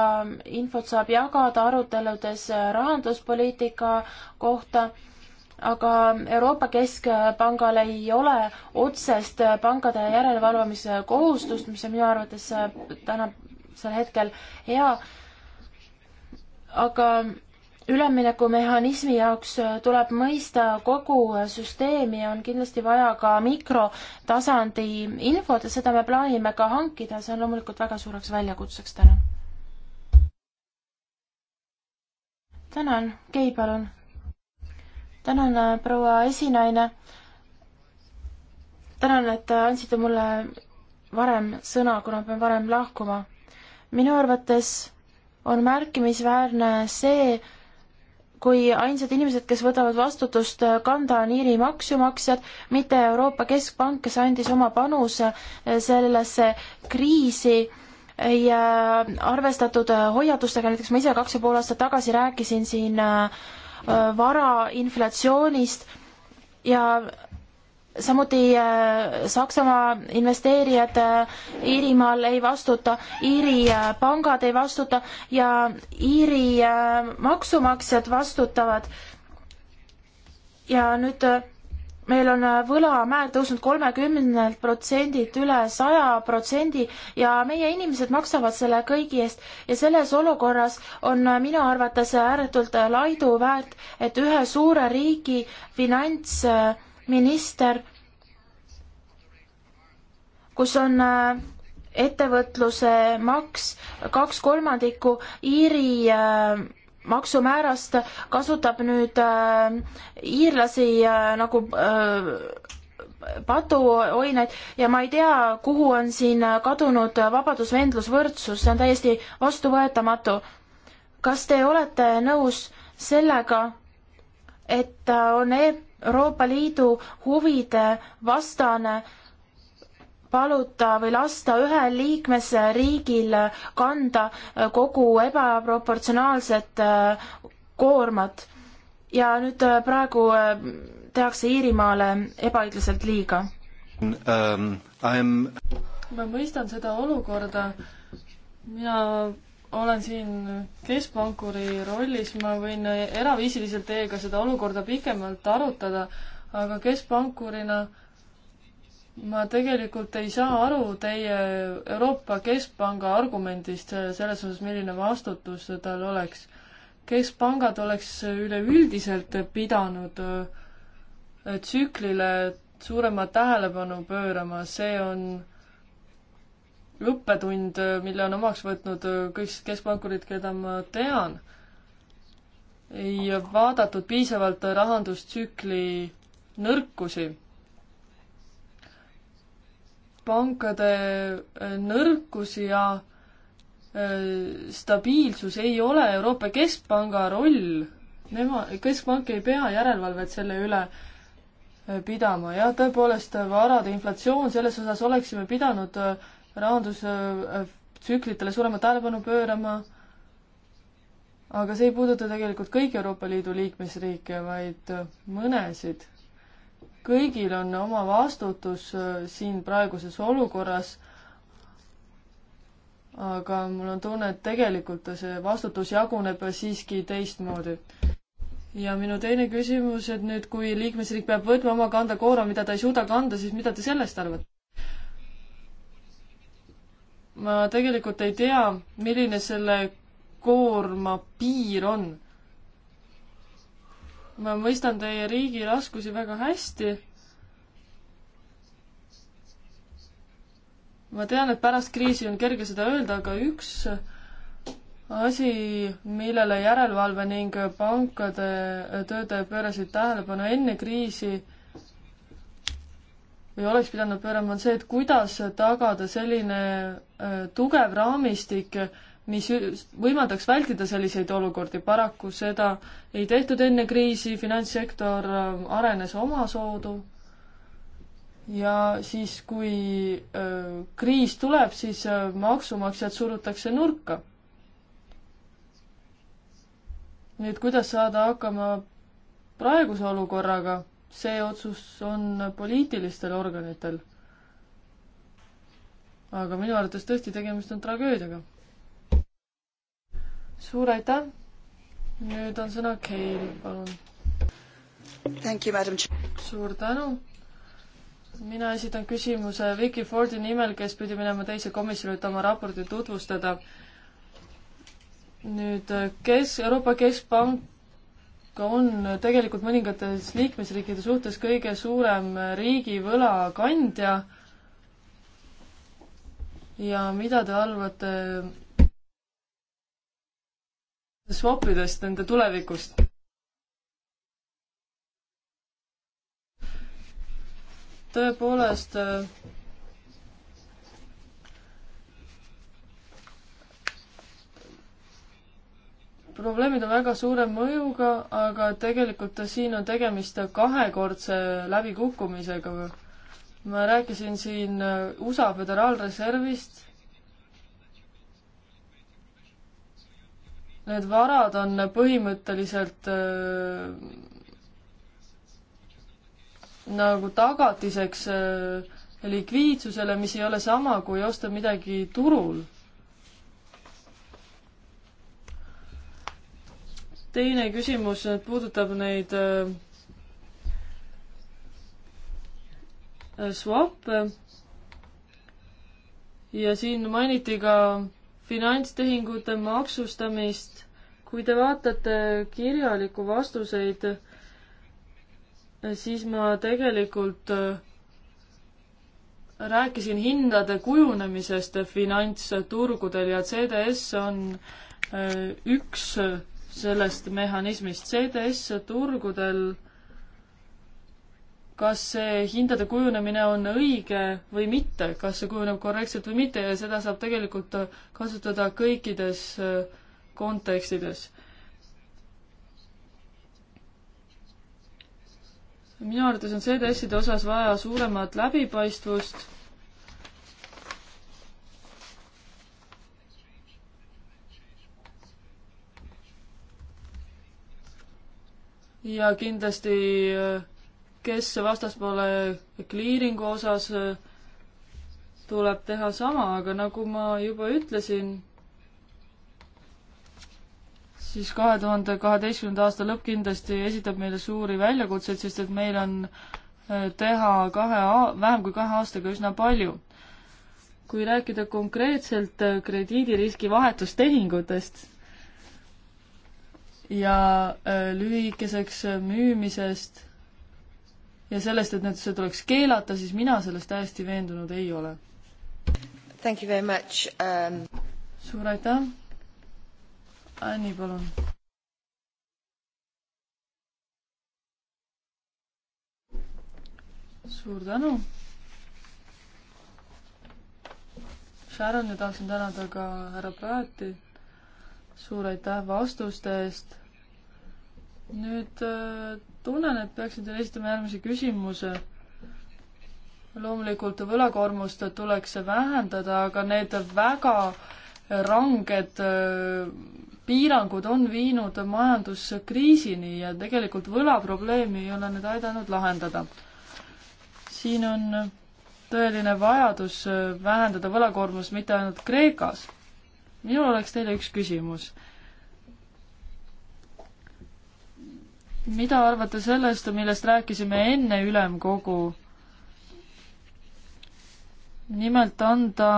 infot saab jagada aruteludes rahanduspoliitika kohta aga Euroopa Keskpangal ei ole otsest pankade järelevalvamise kohustust, mis on minu arvates äh, täna sel hetkel hea, aga üleminekumehhanismi jaoks äh, tuleb mõista kogu äh, süsteemi ja on kindlasti vaja ka mikrotasandi infot ja seda me plaanime ka hankida, see on loomulikult väga suureks väljakutseks täna. tänan, Kei, palun. tänan, äh, proua esinaine. tänan, et andsite mulle varem sõna, kuna pean varem lahkuma minu arvates on märkimisväärne see, kui ainsad inimesed, kes võtavad vastutust kanda, on Iiri maksumaksjad, mitte Euroopa Keskpank, kes andis oma panuse eh, sellesse kriisi ei arvestatud eh, hoiatustega, näiteks ma ise kaks ja pool aastat tagasi rääkisin siin eh, varainflatsioonist ja samuti äh, Saksamaa investeerijad äh, Iirimaal ei vastuta, Iiri äh, pangad ei vastuta ja Iiri maksumaksjad vastutavad. ja nüüd meil on võlamäär tõusnud kolmekümnelt protsendilt üle saja protsendi ja meie inimesed maksavad selle kõigi eest ja selles olukorras on minu arvates ääretult laiduväärt, et ühe suure riigi finants äh, minister, kus on äh, ettevõtluse maks kaks kolmandikku Iiri äh, maksumäärast kasutab nüüd äh, iirlasi äh, nagu äh, patuoineid ja ma ei tea, kuhu on siin äh, kadunud äh, vabadus, vendlus, võrdsus, see on täiesti vastuvõetamatu. kas te olete nõus sellega, et on e Euroopa Liidu huvide vastane paluta või lasta ühel liikmesriigil kanda äh, kogu ebaproportsionaalset äh, koormat ja nüüd äh, praegu tehakse Iirimaale ebaõiglaselt liiga um,. ma mõistan seda olukorda ja olen siin keskpankuri rollis, ma võin eraviisiliselt teiega seda olukorda pikemalt arutada, aga keskpankurina ma tegelikult ei saa aru teie Euroopa Keskpanga argumendist selles osas, milline vastutus tal oleks. keskpangad oleks üleüldiselt pidanud tsüklile suuremat tähelepanu pöörama, see on õppetund, äh, mille on omaks võtnud äh, kõik keskpankurid, keda ma tean. ei vaadatud piisavalt rahandustsükli nõrkusi. pankade äh, nõrkus ja stabiilsus ei ole Euroopa Keskpanga roll. Nema, keskpank ei pea järelevalvet selle üle pidama. jah, tõepoolest varade inflatsioon, selles osas oleksime pidanud rahandustsüklitele suurema tähelepanu pöörama, aga see ei puuduta tegelikult kõiki Euroopa Liidu liikmesriike, vaid mõnesid. kõigil on oma vastutus äh, siin praeguses olukorras, aga mul on tunne, et tegelikult see vastutus jaguneb siiski teistmoodi ja minu teine küsimus, et nüüd, kui liikmesriik peab võtma oma kanda koora, mida ta ei suuda kanda, siis mida te sellest arvate? ma tegelikult ei tea, milline selle koorma piir on. ma mõistan teie riigi raskusi väga hästi. ma tean, et pärast kriisi on kerge seda öelda, aga üks asi, millele järelevalve ning pankade töötajad pöörasid tähelepanu enne kriisi või oleks pidanud pöörama, on see, et kuidas tagada selline äh, tugev raamistik, mis võimaldaks vältida selliseid olukordi. paraku seda ei tehtud enne kriisi, finantssektor äh, arenes omasoodu. ja siis, kui äh, kriis tuleb, siis maksumaksjad surutakse nurka. nii et kuidas saada hakkama praeguse olukorraga see otsus on poliitilistel organitel. aga minu arvates tõesti tegemist on tragöödiaga. suur aitäh. nüüd on sõna Keil, palun. suur tänu mina esitan küsimuse Vicky Fordi nimel, kes pidi minema teise komisjoni, et oma raportit tutvustada. nüüd kes, Euroopa Keskpank on tegelikult mõningates liikmesriikide suhtes kõige suurem riigivõla kandja. ja mida te arvate swap idest, nende tulevikust? tõepoolest probleemid on väga suure mõjuga, aga tegelikult siin on tegemist kahekordse läbikukkumisega. ma rääkisin siin äh, USA Föderaalreservist. Need varad on põhimõtteliselt äh, nagu tagatiseks äh, likviidsusele, mis ei ole sama kui osta midagi turul teine küsimus puudutab neid äh, swap'e ja siin mainiti ka finantstehingute maksustamist. kui te vaatate kirjalikku vastuseid, siis ma tegelikult äh, rääkisin hindade kujunemisest finantsturgudel ja CDS on äh, üks sellest mehhanismist. CDS turgudel, kas see hindade kujunemine on õige või mitte, kas see kujuneb korrektselt või mitte ja seda saab tegelikult kasutada kõikides äh, kontekstides. minu arvates on CDS-ide osas vaja suuremat läbipaistvust ja kindlasti kes vastaspoole kliiringu osas eh, tuleb teha sama, aga nagu ma juba ütlesin, siis kahe tuhande kaheteistkümnenda aasta lõpp kindlasti esitab meile suuri väljakutseid, sest et meil on eh, teha kahe, vähem kui kahe aastaga üsna palju. kui rääkida konkreetselt eh, krediidiriski vahetustehingutest, ja äh, lühikeseks äh, müümisest ja sellest, et need, see tuleks keelata, siis mina selles täiesti veendunud ei ole. Thank you very much um.... suur aitäh. Anni, palun. suur tänu. Sharon ja tahaksin tänada ka härra Praati suur aitäh vastuste eest. nüüd äh, tunnen, et peaksin teile esitama järgmise küsimuse. loomulikult võlakoormust tuleks vähendada, aga need väga ranged äh, piirangud on viinud majanduskriisini ja tegelikult võlaprobleemi ei ole need aidanud lahendada. siin on tõeline vajadus äh, vähendada võlakoormust mitte ainult Kreekas minul oleks teile üks küsimus. mida arvate sellest, millest rääkisime enne ülemkogu? nimelt anda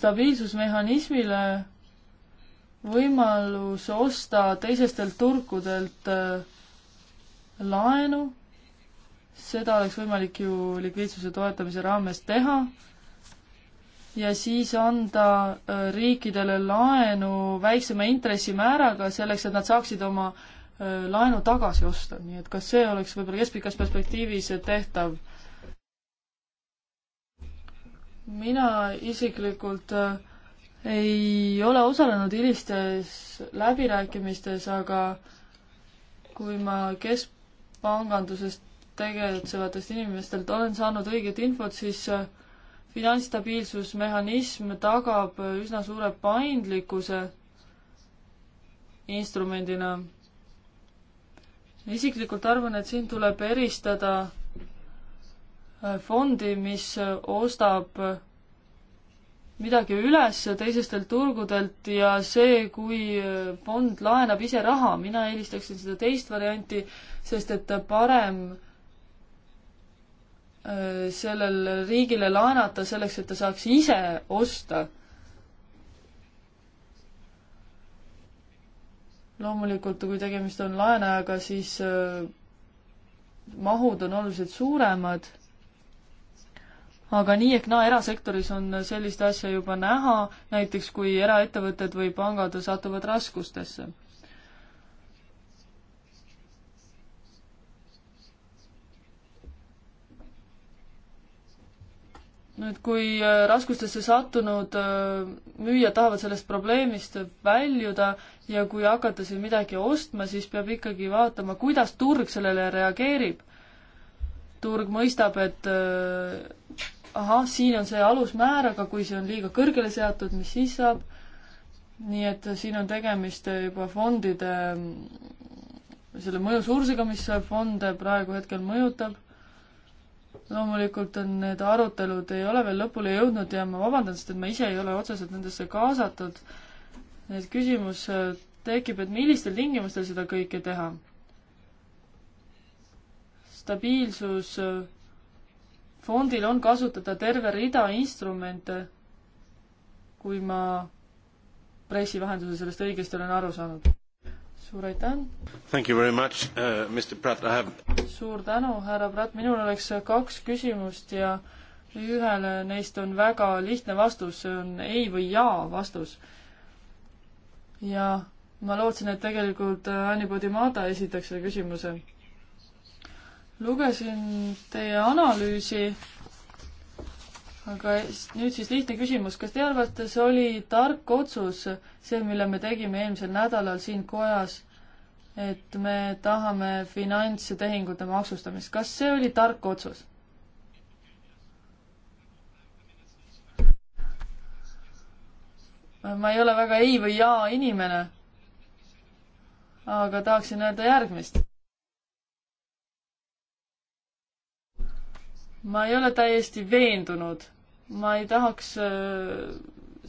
stabiilsusmehhanismile võimalus osta teisestelt turgudelt äh, laenu seda oleks võimalik ju likviidsuse toetamise raames teha ja siis anda äh, riikidele laenu väiksema intressimääraga selleks, et nad saaksid oma äh, laenu tagasi osta, nii et kas see oleks võib-olla keskpikas perspektiivis tehtav? mina isiklikult äh, ei ole osalenud hilistes läbirääkimistes, aga kui ma keskpangandusest tegutsevatest inimestelt olen saanud õiget infot, siis äh, finantsstabiilsusmehhanism tagab üsna suure paindlikkuse instrumendina. isiklikult arvan, et siin tuleb eristada äh, fondi, mis äh, ostab midagi üles teisestelt turgudelt ja see, kui fond laenab ise raha, mina eelistaksin seda teist varianti, sest et parem Äh, sellel riigile laenata selleks, et ta saaks ise osta. loomulikult, kui tegemist on laenajaga, siis äh, mahud on oluliselt suuremad. aga nii ehk naa, erasektoris on sellist asja juba näha, näiteks kui eraettevõtted või pangad satuvad raskustesse nüüd, kui äh, raskustesse sattunud äh, müüjad tahavad sellest probleemist väljuda ja kui hakata siin midagi ostma, siis peab ikkagi vaatama, kuidas turg sellele reageerib. turg mõistab, et äh, ahah, siin on see alusmäär, aga kui see on liiga kõrgele seatud, mis siis saab? nii et siin on tegemist juba fondide selle mõjusurusega, mis fonde praegu hetkel mõjutab loomulikult on need arutelud, ei ole veel lõpule jõudnud ja ma vabandan, sest et ma ise ei ole otseselt nendesse kaasatud. et küsimus äh, tekib, et millistel tingimustel seda kõike teha. stabiilsus, äh, fondil on kasutada terve rida instrumente, kui ma pressivahendusel sellest õigesti olen aru saanud suur aitäh! Thank you very much uh,, Mr Pratt, I have suur tänu, härra Pratt, minul oleks kaks küsimust ja ühele neist on väga lihtne vastus, see on ei või jaa vastus. ja ma lootsin, et tegelikult Anni Podimata esitaks selle küsimuse. lugesin teie analüüsi aga nüüd siis lihtne küsimus, kas teie arvates oli tark otsus, see, mille me tegime eelmisel nädalal siin kojas, et me tahame finantstehingute maksustamist, kas see oli tark otsus? ma ei ole väga ei või jaa inimene. aga tahaksin öelda järgmist. ma ei ole täiesti veendunud ma ei tahaks äh,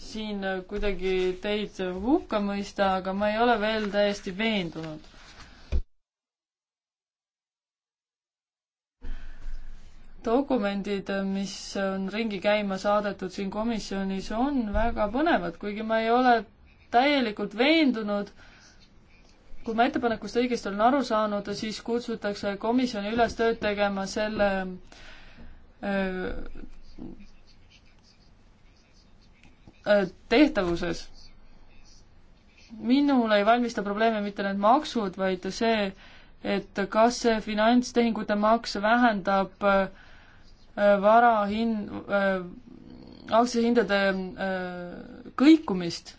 siin kuidagi teid hukka mõista, aga ma ei ole veel täiesti veendunud. dokumendid, mis on ringi käima saadetud siin komisjonis, on väga põnevad, kuigi ma ei ole täielikult veendunud, kui ma ettepanekust õigesti olen aru saanud, siis kutsutakse komisjoni üles tööd tegema selle öö, äh, Äh, tehtavuses. minule ei valmista probleeme mitte need maksud, vaid see, et kas see finantstehingute maks vähendab äh, vara hin-, äh, aktsiahindade kõikumist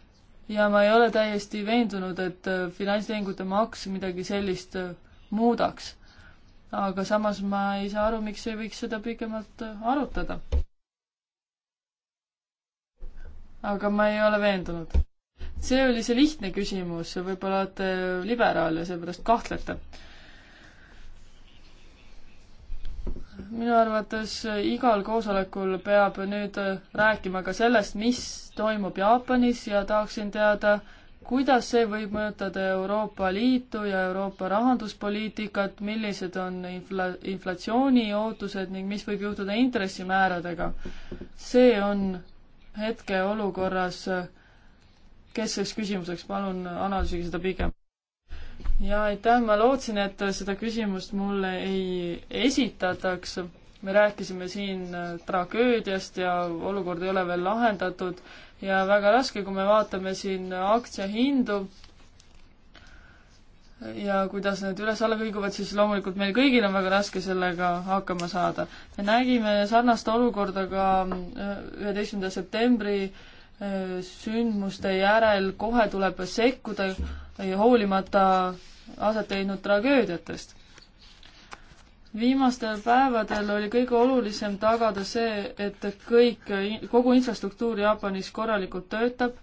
ja ma ei ole täiesti veendunud, et finantstehingute maks midagi sellist muudaks. aga samas ma ei saa aru, miks ei võiks seda pikemalt arutada aga ma ei ole veendunud. see oli see lihtne küsimus, võib-olla olete liberaal ja seepärast kahtlete. minu arvates igal koosolekul peab nüüd rääkima ka sellest, mis toimub Jaapanis ja tahaksin teada, kuidas see võib mõjutada Euroopa Liitu ja Euroopa rahanduspoliitikat, millised on infla-, inflatsiooni ootused ning mis võib juhtuda intressimääradega? see on hetkeolukorras keskseks küsimuseks, palun analüüsige seda pigem. ja aitäh, ma lootsin, et seda küsimust mulle ei esitataks. me rääkisime siin tragöödiast ja olukord ei ole veel lahendatud ja väga raske, kui me vaatame siin aktsiahindu ja kuidas need üles-alla kõiguvad, siis loomulikult meil kõigil on väga raske sellega hakkama saada. me nägime sarnast olukorda ka äh, üheteistkümnenda septembri äh, sündmuste järel, kohe tuleb sekkuda hoolimata aset leidnud tragöödiatest. viimastel päevadel oli kõige olulisem tagada see, et kõik, kogu infrastruktuur Jaapanis korralikult töötab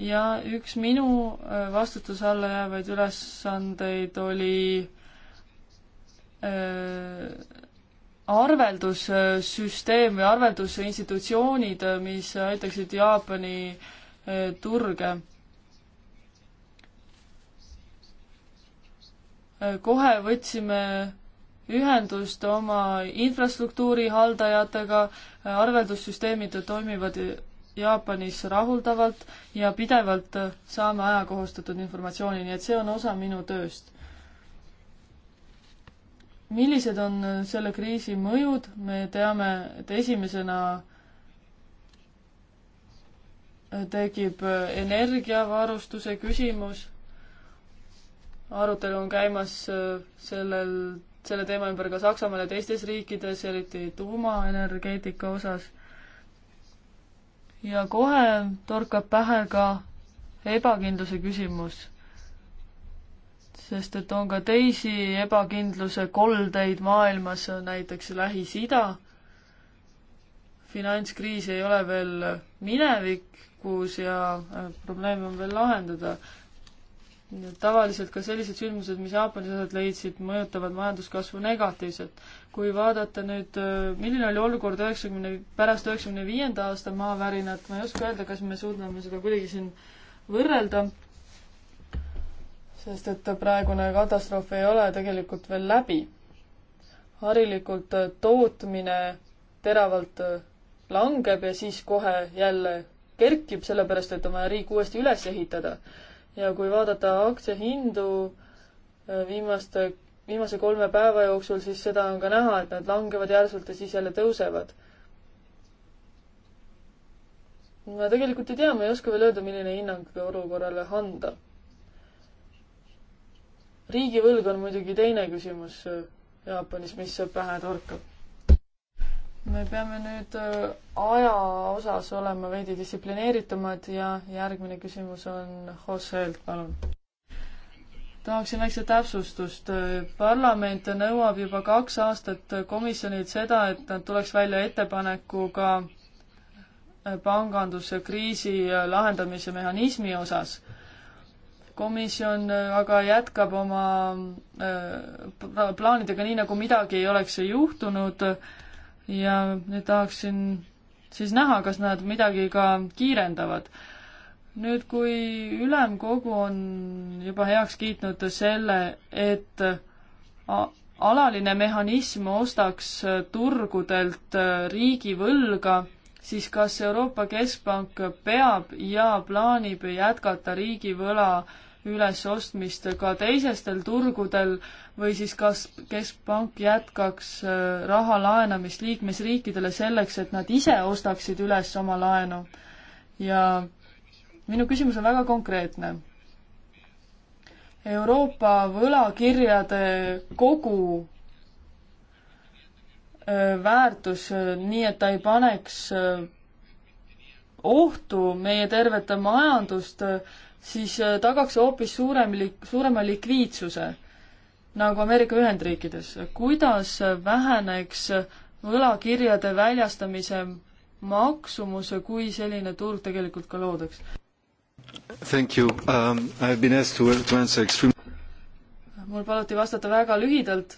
ja üks minu äh, vastutuse alla jäävaid ülesandeid oli äh, arveldussüsteem või arveldusinstitutsioonid, äh, mis aitaksid Jaapani turge. kohe võtsime ühendust oma infrastruktuuri haldajatega, arveldussüsteemid toimivad Jaapanis rahuldavalt ja pidevalt saame ajakohustatud informatsiooni, nii et see on osa minu tööst. millised on selle kriisi mõjud, me teame, et esimesena tekib energiavarustuse küsimus, arutelu on käimas sellel, selle teema ümber ka Saksamaal ja teistes riikides, eriti tuumaenergeetika osas ja kohe torkab pähe ka ebakindluse küsimus. sest et on ka teisi ebakindluse koldeid maailmas, näiteks Lähis-Ida. finantskriis ei ole veel minevikus ja äh, probleem on veel lahendada tavaliselt ka sellised sündmused, mis Jaapanis aset leidsid, mõjutavad majanduskasvu negatiivselt. kui vaadata nüüd, äh, milline oli olukord üheksakümne, pärast üheksakümne viienda aasta maavärinat, ma ei oska öelda, kas me suudame seda kuidagi siin võrrelda, sest et praegune katastroof ei ole tegelikult veel läbi. harilikult äh, tootmine teravalt äh, langeb ja siis kohe jälle kerkib, sellepärast et on vaja riik uuesti üles ehitada ja kui vaadata aktsiahindu äh, viimaste, viimase kolme päeva jooksul, siis seda on ka näha, et nad langevad järsult ja siis jälle tõusevad. ma tegelikult ei tea, ma ei oska veel öelda, milline hinnang olukorrale anda. riigivõlg on muidugi teine küsimus äh, Jaapanis, mis pähe torkab me peame nüüd äh, aja osas olema veidi distsiplineeritumad ja järgmine küsimus on Joselt, palun. tahaksin väikse täpsustust. parlament nõuab juba kaks aastat komisjonilt seda, et nad tuleks välja ettepanekuga panganduskriisi lahendamise mehhanismi osas komisjon aga jätkab oma äh, plaanidega nii, nagu midagi ei oleks juhtunud ja nüüd tahaksin siis näha, kas nad midagi ka kiirendavad. nüüd, kui ülemkogu on juba heaks kiitnud selle, et alaline mehhanism ostaks turgudelt riigivõlga, siis kas Euroopa Keskpank peab ja plaanib jätkata riigivõla ülesostmist ka teisestel turgudel või siis kas keskpank jätkaks äh, raha laenamist liikmesriikidele selleks, et nad ise ostaksid üles oma laenu. ja minu küsimus on väga konkreetne. Euroopa võlakirjade kogu äh, väärtus, äh, nii et ta ei paneks ohtu meie tervet majandust, siis äh, tagaks see hoopis suurem, suurema likviidsuse, nagu Ameerika Ühendriikides. kuidas väheneks võlakirjade väljastamise maksumuse, kui selline turg tegelikult ka loodaks? Thank you um,, I have been asked to, to answer extreme- mul paluti vastata väga lühidalt,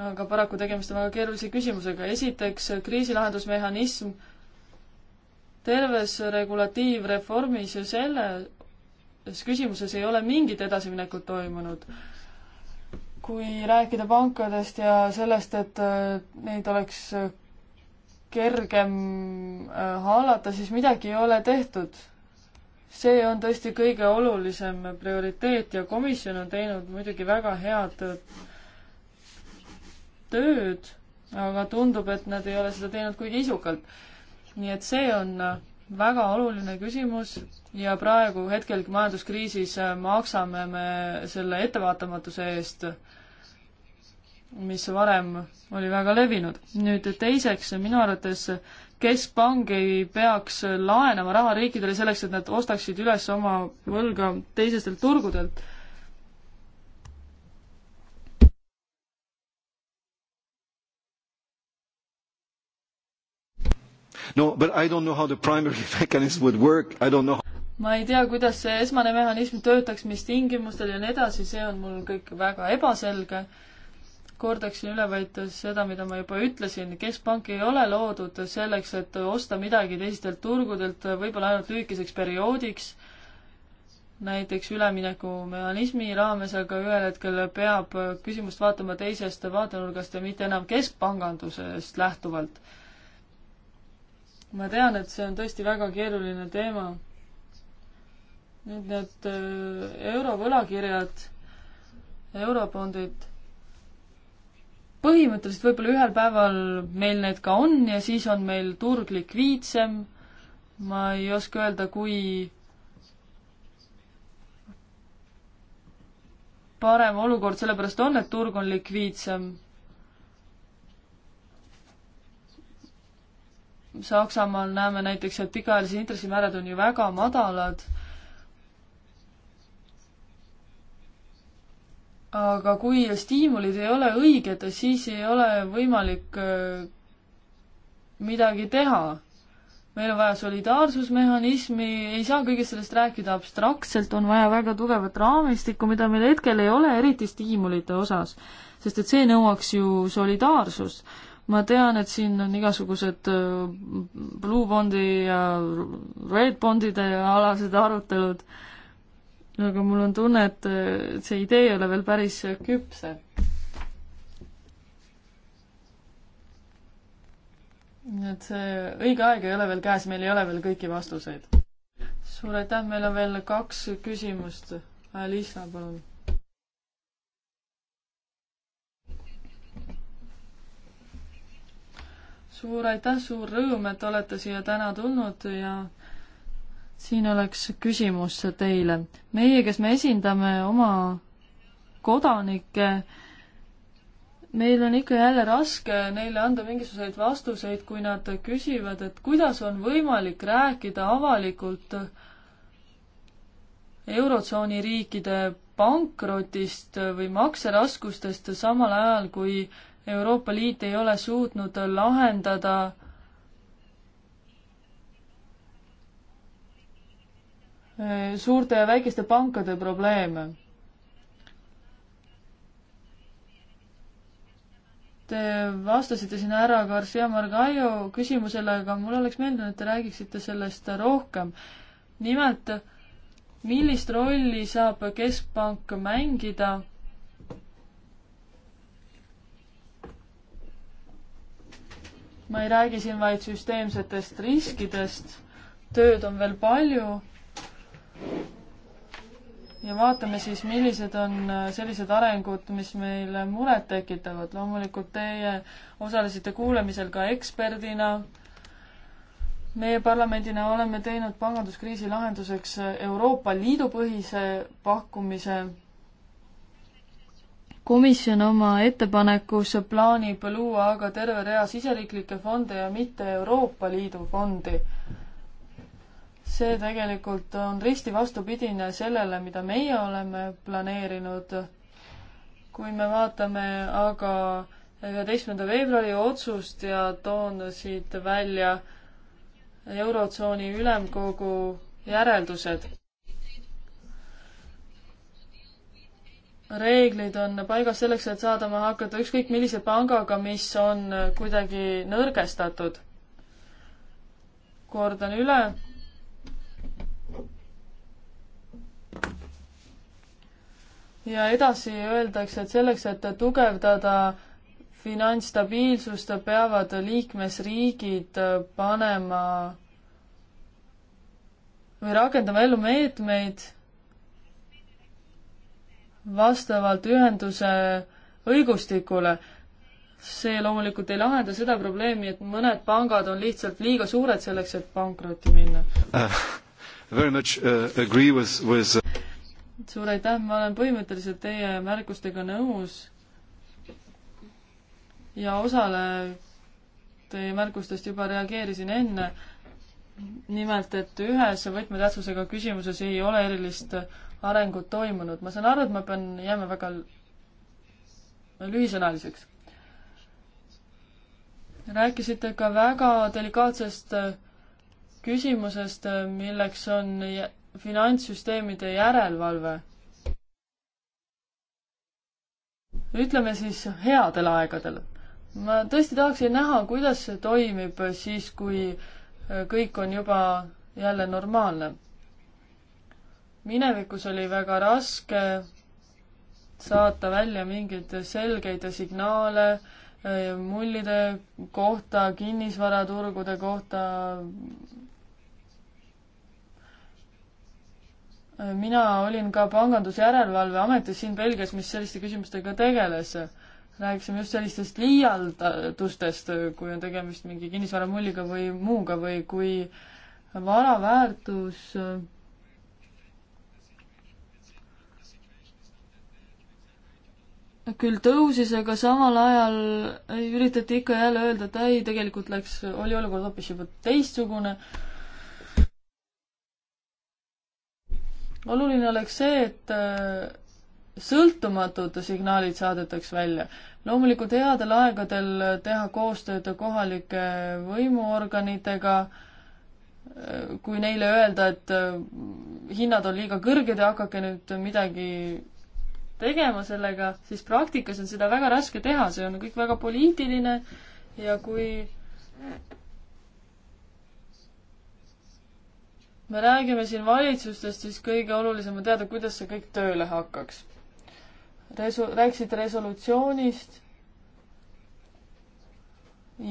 aga paraku tegemist on väga keerulise küsimusega. esiteks, kriisilahendusmehhanism terves regulatiivreformis ju selle küsimuses ei ole mingit edasiminekut toimunud. kui rääkida pankadest ja sellest, et äh, neid oleks äh, kergem äh, haalata, siis midagi ei ole tehtud. see on tõesti kõige olulisem prioriteet ja komisjon on teinud muidugi väga head tööd, aga tundub, et nad ei ole seda teinud kuigi isukalt. nii et see on väga oluline küsimus ja praegu hetkel majanduskriisis äh, maksame me selle ettevaatamatuse eest, mis varem oli väga levinud. nüüd teiseks, minu arvates keskpank ei peaks laenama raha riikidele selleks, et nad ostaksid üles oma võlga teisestelt turgudelt no but I don't know how the primary mechanism would work, I don't know. ma ei tea, kuidas see esmane mehhanism töötaks, mis tingimustel ja nii edasi, see on mul kõik väga ebaselge. kordaksin üle vaid seda, mida ma juba ütlesin, keskpank ei ole loodud selleks, et osta midagi teistelt turgudelt, võib-olla ainult lühikeseks perioodiks, näiteks üleminekumehhanismi raames, aga ühel hetkel peab küsimust vaatama teisest vaatenurgast ja mitte enam keskpangandusest lähtuvalt ma tean, et see on tõesti väga keeruline teema. nüüd need äh, eurovõlakirjad, eurobondid, põhimõtteliselt võib-olla ühel päeval meil need ka on ja siis on meil turg likviidsem, ma ei oska öelda, kui parem olukord sellepärast on, et turg on likviidsem Saksamaal näeme näiteks, et pikaajalised intressimäärad on ju väga madalad. aga kui stiimulid ei ole õiged, siis ei ole võimalik äh, midagi teha. meil on vaja solidaarsusmehhanismi, ei saa kõigest sellest rääkida abstraktselt, on vaja väga tugevat raamistikku, mida meil hetkel ei ole, eriti stiimulite osas, sest et see nõuaks ju solidaarsust ma tean, et siin on igasugused äh, Blue Bondi ja Red Bondide alased arutelud, aga mul on tunne, et äh, see idee ei ole veel päris küps. nii et see õige aeg ei ole veel käes, meil ei ole veel kõiki vastuseid. suur aitäh, meil on veel kaks küsimust. Alisa, palun suur aitäh, suur rõõm, et olete siia täna tulnud ja siin oleks küsimus teile. meie, kes me esindame oma kodanikke, meil on ikka jälle raske neile anda mingisuguseid vastuseid, kui nad küsivad, et kuidas on võimalik rääkida avalikult Eurotsooni riikide pankrotist või makseraskustest samal ajal, kui Euroopa Liit ei ole suutnud lahendada suurte ja väikeste pankade probleeme. Te vastasite siin ära Garcia Margallo küsimusele, aga mul oleks meeldinud, et te räägiksite sellest rohkem. nimelt, millist rolli saab keskpank mängida ma ei räägi siin vaid süsteemsetest riskidest, tööd on veel palju. ja vaatame siis, millised on äh, sellised arengud, mis meile muret tekitavad. loomulikult teie osalesite kuulamisel ka eksperdina. meie parlamendina oleme teinud panganduskriisi lahenduseks Euroopa Liidu põhise pakkumise komisjon oma ettepanekus plaanib luua aga terve rea siseriiklikke fonde ja mitte Euroopa Liidu fondi. see tegelikult on risti vastupidine sellele, mida meie oleme planeerinud. kui me vaatame aga üheteistkümnenda veebruari otsust ja toon siit välja Eurotsooni ülemkogu järeldused reeglid on paigas selleks, et saadama hakata ükskõik millise pangaga, mis on kuidagi nõrgestatud. kordan üle. ja edasi öeldakse, et selleks, et tugevdada finantsstabiilsust, peavad liikmesriigid panema või rakendama ellu meetmeid vastavalt ühenduse õigustikule. see loomulikult ei lahenda seda probleemi, et mõned pangad on lihtsalt liiga suured selleks, et pankrotti minna uh,. Very much uh, agree with, with uh, suur aitäh, ma olen põhimõtteliselt teie märkustega nõus ja osale teie märkustest juba reageerisin enne. nimelt, et ühes võtmetähtsusega küsimuses ei ole erilist uh, arengud toimunud. ma saan aru, et ma pean jääma väga lühisõnaliseks. rääkisite ka väga delikaatsest küsimusest, milleks on finantssüsteemide järelevalve. ütleme siis headel aegadel. ma tõesti tahaksin näha, kuidas see toimib siis, kui kõik on juba jälle normaalne minevikus oli väga raske saata välja mingeid selgeid signaale eh, mullide kohta, kinnisvaraturgude kohta. Eh, mina olin ka pangandusjärelevalve ametis siin Belgias, mis selliste küsimustega tegeles rääkisime just sellistest liialdustest, kui on tegemist mingi kinnisvaramulliga või muuga või kui vara väärtus eh, küll tõusis, aga samal ajal üritati ikka jälle öelda, et ei, tegelikult läks, oli olukord hoopis juba teistsugune. oluline oleks see, et äh, sõltumatud signaalid saadetaks välja. loomulikult headel aegadel teha koostööd kohalike võimuorganitega, äh, kui neile öelda, et äh, hinnad on liiga kõrged ja hakake nüüd midagi tegema sellega, siis praktikas on seda väga raske teha, see on kõik väga poliitiline ja kui me räägime siin valitsustest, siis kõige olulisem on teada, kuidas see kõik tööle hakkaks. Resu-, rääkisid resolutsioonist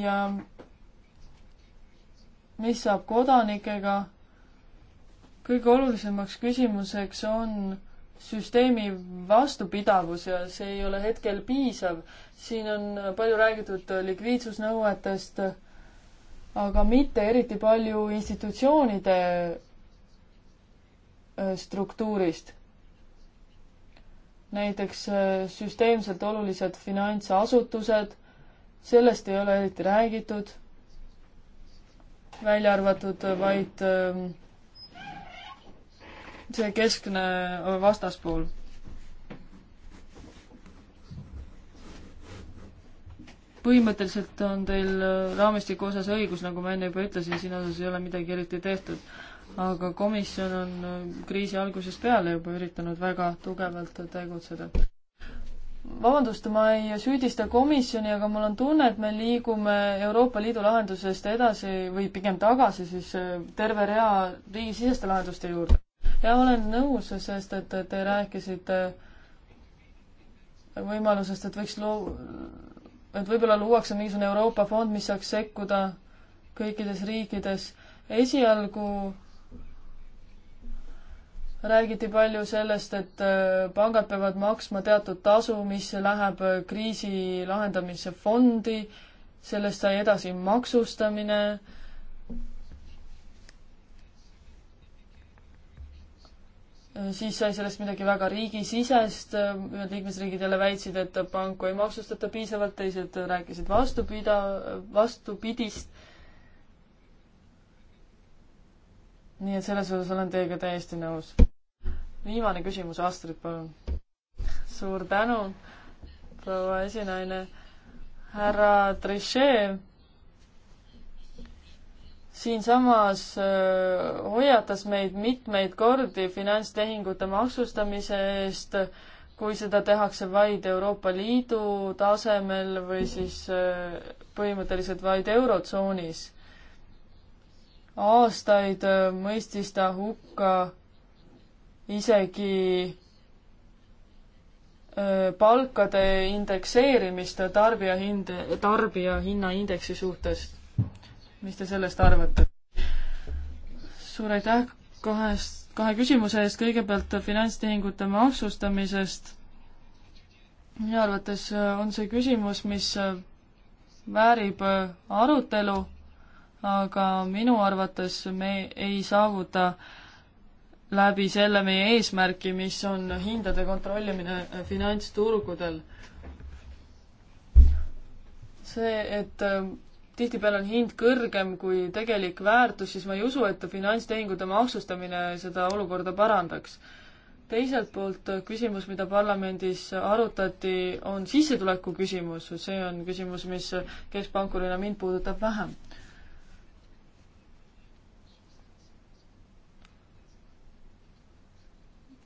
ja mis saab kodanikega. kõige olulisemaks küsimuseks on äh, süsteemi vastupidavus ja see ei ole hetkel piisav. siin on palju räägitud likviidsusnõuetest, aga mitte eriti palju institutsioonide äh, struktuurist. näiteks äh, süsteemselt olulised finantsasutused, sellest ei ole eriti räägitud, välja arvatud vaid äh, see keskne vastaspool. põhimõtteliselt on teil äh, raamistiku osas õigus, nagu ma enne juba ütlesin, siin osas ei ole midagi eriti tehtud. aga komisjon on äh, kriisi algusest peale juba üritanud väga tugevalt tegutseda. vabandust, ma ei süüdista komisjoni, aga mul on tunne, et me liigume Euroopa Liidu lahendusest edasi või pigem tagasi siis äh, terve rea riigisiseste lahenduste juurde ja olen nõus, sest et te rääkisite võimalusest, et võiks loo-, et võib-olla luuakse mingisugune Euroopa fond, mis saaks sekkuda kõikides riikides. esialgu räägiti palju sellest, et äh, pangad peavad maksma teatud tasu, mis läheb äh, kriisi lahendamise fondi, sellest sai edasi maksustamine Äh, siis sai sellest midagi väga riigisisest, äh, ühed liikmesriigid jälle väitsid, et panku ei maksustata piisavalt, teised rääkisid vastupida, vastupidist. nii et selles osas olen teiega täiesti nõus. viimane küsimus, Astrid, palun. suur tänu, proua esinaine. härra Trichet siinsamas äh, hoiatas meid mitmeid kordi finantstehingute maksustamise eest, kui seda tehakse vaid Euroopa Liidu tasemel või siis äh, põhimõtteliselt vaid Eurotsoonis. aastaid äh, mõistis ta hukka isegi palkade indekseerimist tarbijahind, tarbijahinnaindeksi suhtes mis te sellest arvate? suur aitäh kahest, kahe küsimuse eest, kõigepealt finantstehingute maksustamisest. minu arvates äh, on see küsimus, mis äh, väärib äh, arutelu, aga minu arvates me ei saavuta läbi selle meie eesmärki, mis on hindade kontrollimine finantsturgudel. see, et tihtipeale on hind kõrgem kui tegelik väärtus, siis ma ei usu, et finantstehingute maksustamine seda olukorda parandaks. teiselt poolt küsimus, mida parlamendis arutati, on sissetuleku küsimus, see on küsimus, mis keskpankurina mind puudutab vähem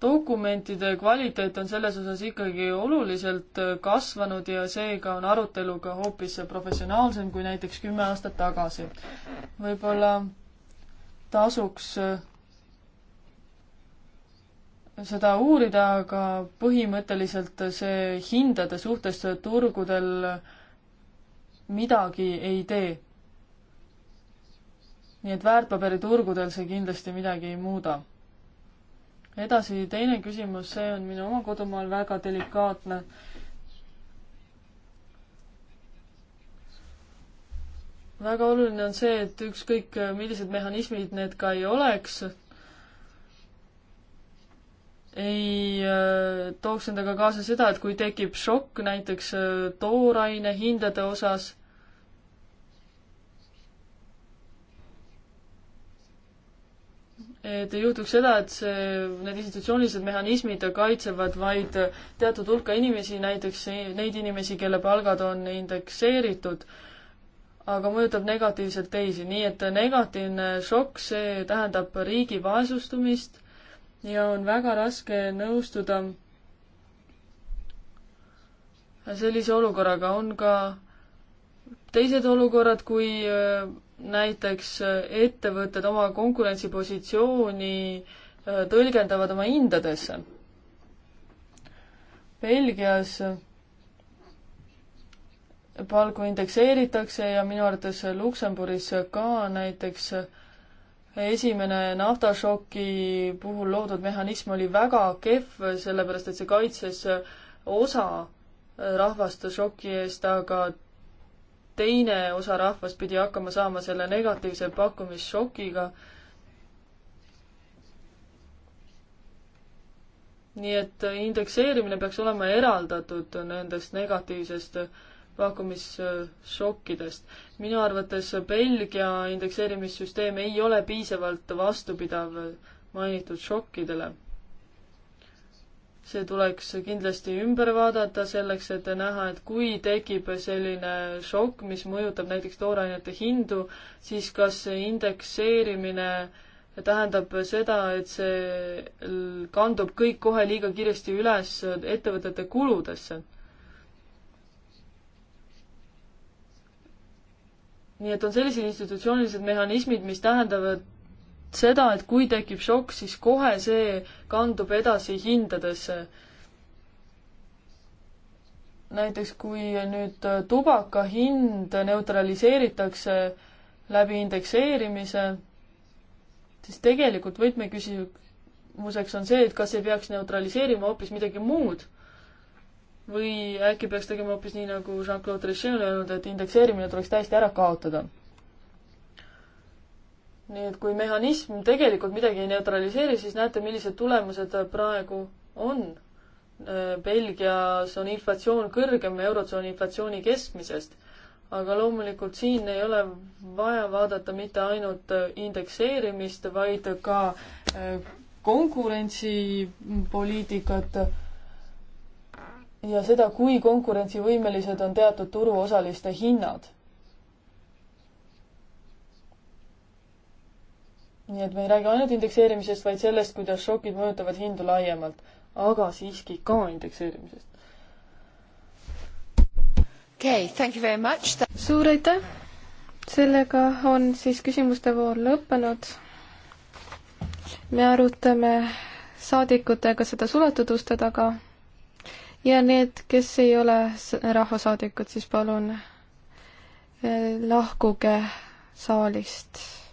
dokumentide kvaliteet on selles osas ikkagi oluliselt äh, kasvanud ja seega on arutelu ka hoopis professionaalsem kui näiteks kümme aastat tagasi. võib-olla tasuks äh, seda uurida, aga põhimõtteliselt see hindade suhtes turgudel äh, midagi ei tee. nii et väärtpaberiturgudel see kindlasti midagi ei muuda edasi, teine küsimus, see on minu oma kodumaal väga delikaatne. väga oluline on see, et ükskõik millised mehhanismid need ka ei oleks, ei äh, tooks endaga kaasa seda, et kui tekib šokk näiteks äh, tooraine hindade osas, et ei juhtuks seda, et see, need institutsioonilised mehhanismid kaitsevad vaid teatud hulka inimesi, näiteks neid inimesi, kelle palgad on indekseeritud, aga mõjutab negatiivselt teisi, nii et negatiivne šokk, see tähendab riigi vaesustumist ja on väga raske nõustuda sellise olukorraga, on ka teised olukorrad, kui näiteks äh, ettevõtted oma konkurentsipositsiooni äh, tõlgendavad oma hindadesse. Belgias äh, palku indekseeritakse ja minu arvates Luksemburgis ka näiteks esimene naftašoki puhul loodud mehhanism oli väga kehv, sellepärast et see kaitses osa rahvast šoki eest, aga teine osa rahvast pidi hakkama saama selle negatiivse pakkumisšokiga. nii et indekseerimine peaks olema eraldatud nendest negatiivsest pakkumisšokkidest. minu arvates Belgia indekseerimissüsteem ei ole piisavalt vastupidav mainitud šokkidele see tuleks kindlasti ümber vaadata selleks, et näha, et kui tekib selline šokk, mis mõjutab näiteks toorainete hindu, siis kas see indekseerimine tähendab seda, et see kandub kõik kohe liiga kiiresti üles ettevõtete kuludesse. nii et on sellised institutsioonilised mehhanismid, mis tähendavad seda, et kui tekib šokk, siis kohe see kandub edasi hindadesse. näiteks kui nüüd tubaka hind neutraliseeritakse läbi indekseerimise, siis tegelikult võtmeküsimuseks on see, et kas ei peaks neutraliseerima hoopis midagi muud või äkki peaks tegema hoopis nii, nagu Jean-Claude Trichet on öelnud, et indekseerimine tuleks täiesti ära kaotada nii et kui mehhanism tegelikult midagi ei neutraliseeri, siis näete, millised tulemused praegu on. Äh, Belgias on inflatsioon kõrgem eurotsooni inflatsiooni keskmisest, aga loomulikult siin ei ole vaja vaadata mitte ainult äh, indekseerimist, vaid ka äh, konkurentsipoliitikat ja seda, kui konkurentsivõimelised on teatud turuosaliste hinnad nii et me ei räägi ainult indekseerimisest, vaid sellest, kuidas šokid mõjutavad hindu laiemalt, aga siiski ka indekseerimisest. okei okay,, thank you very much. suur aitäh! sellega on siis küsimuste voor lõppenud. me arutame saadikutega seda suletud uste taga ja need, kes ei ole rahvasaadikud, siis palun eh, lahkuge saalist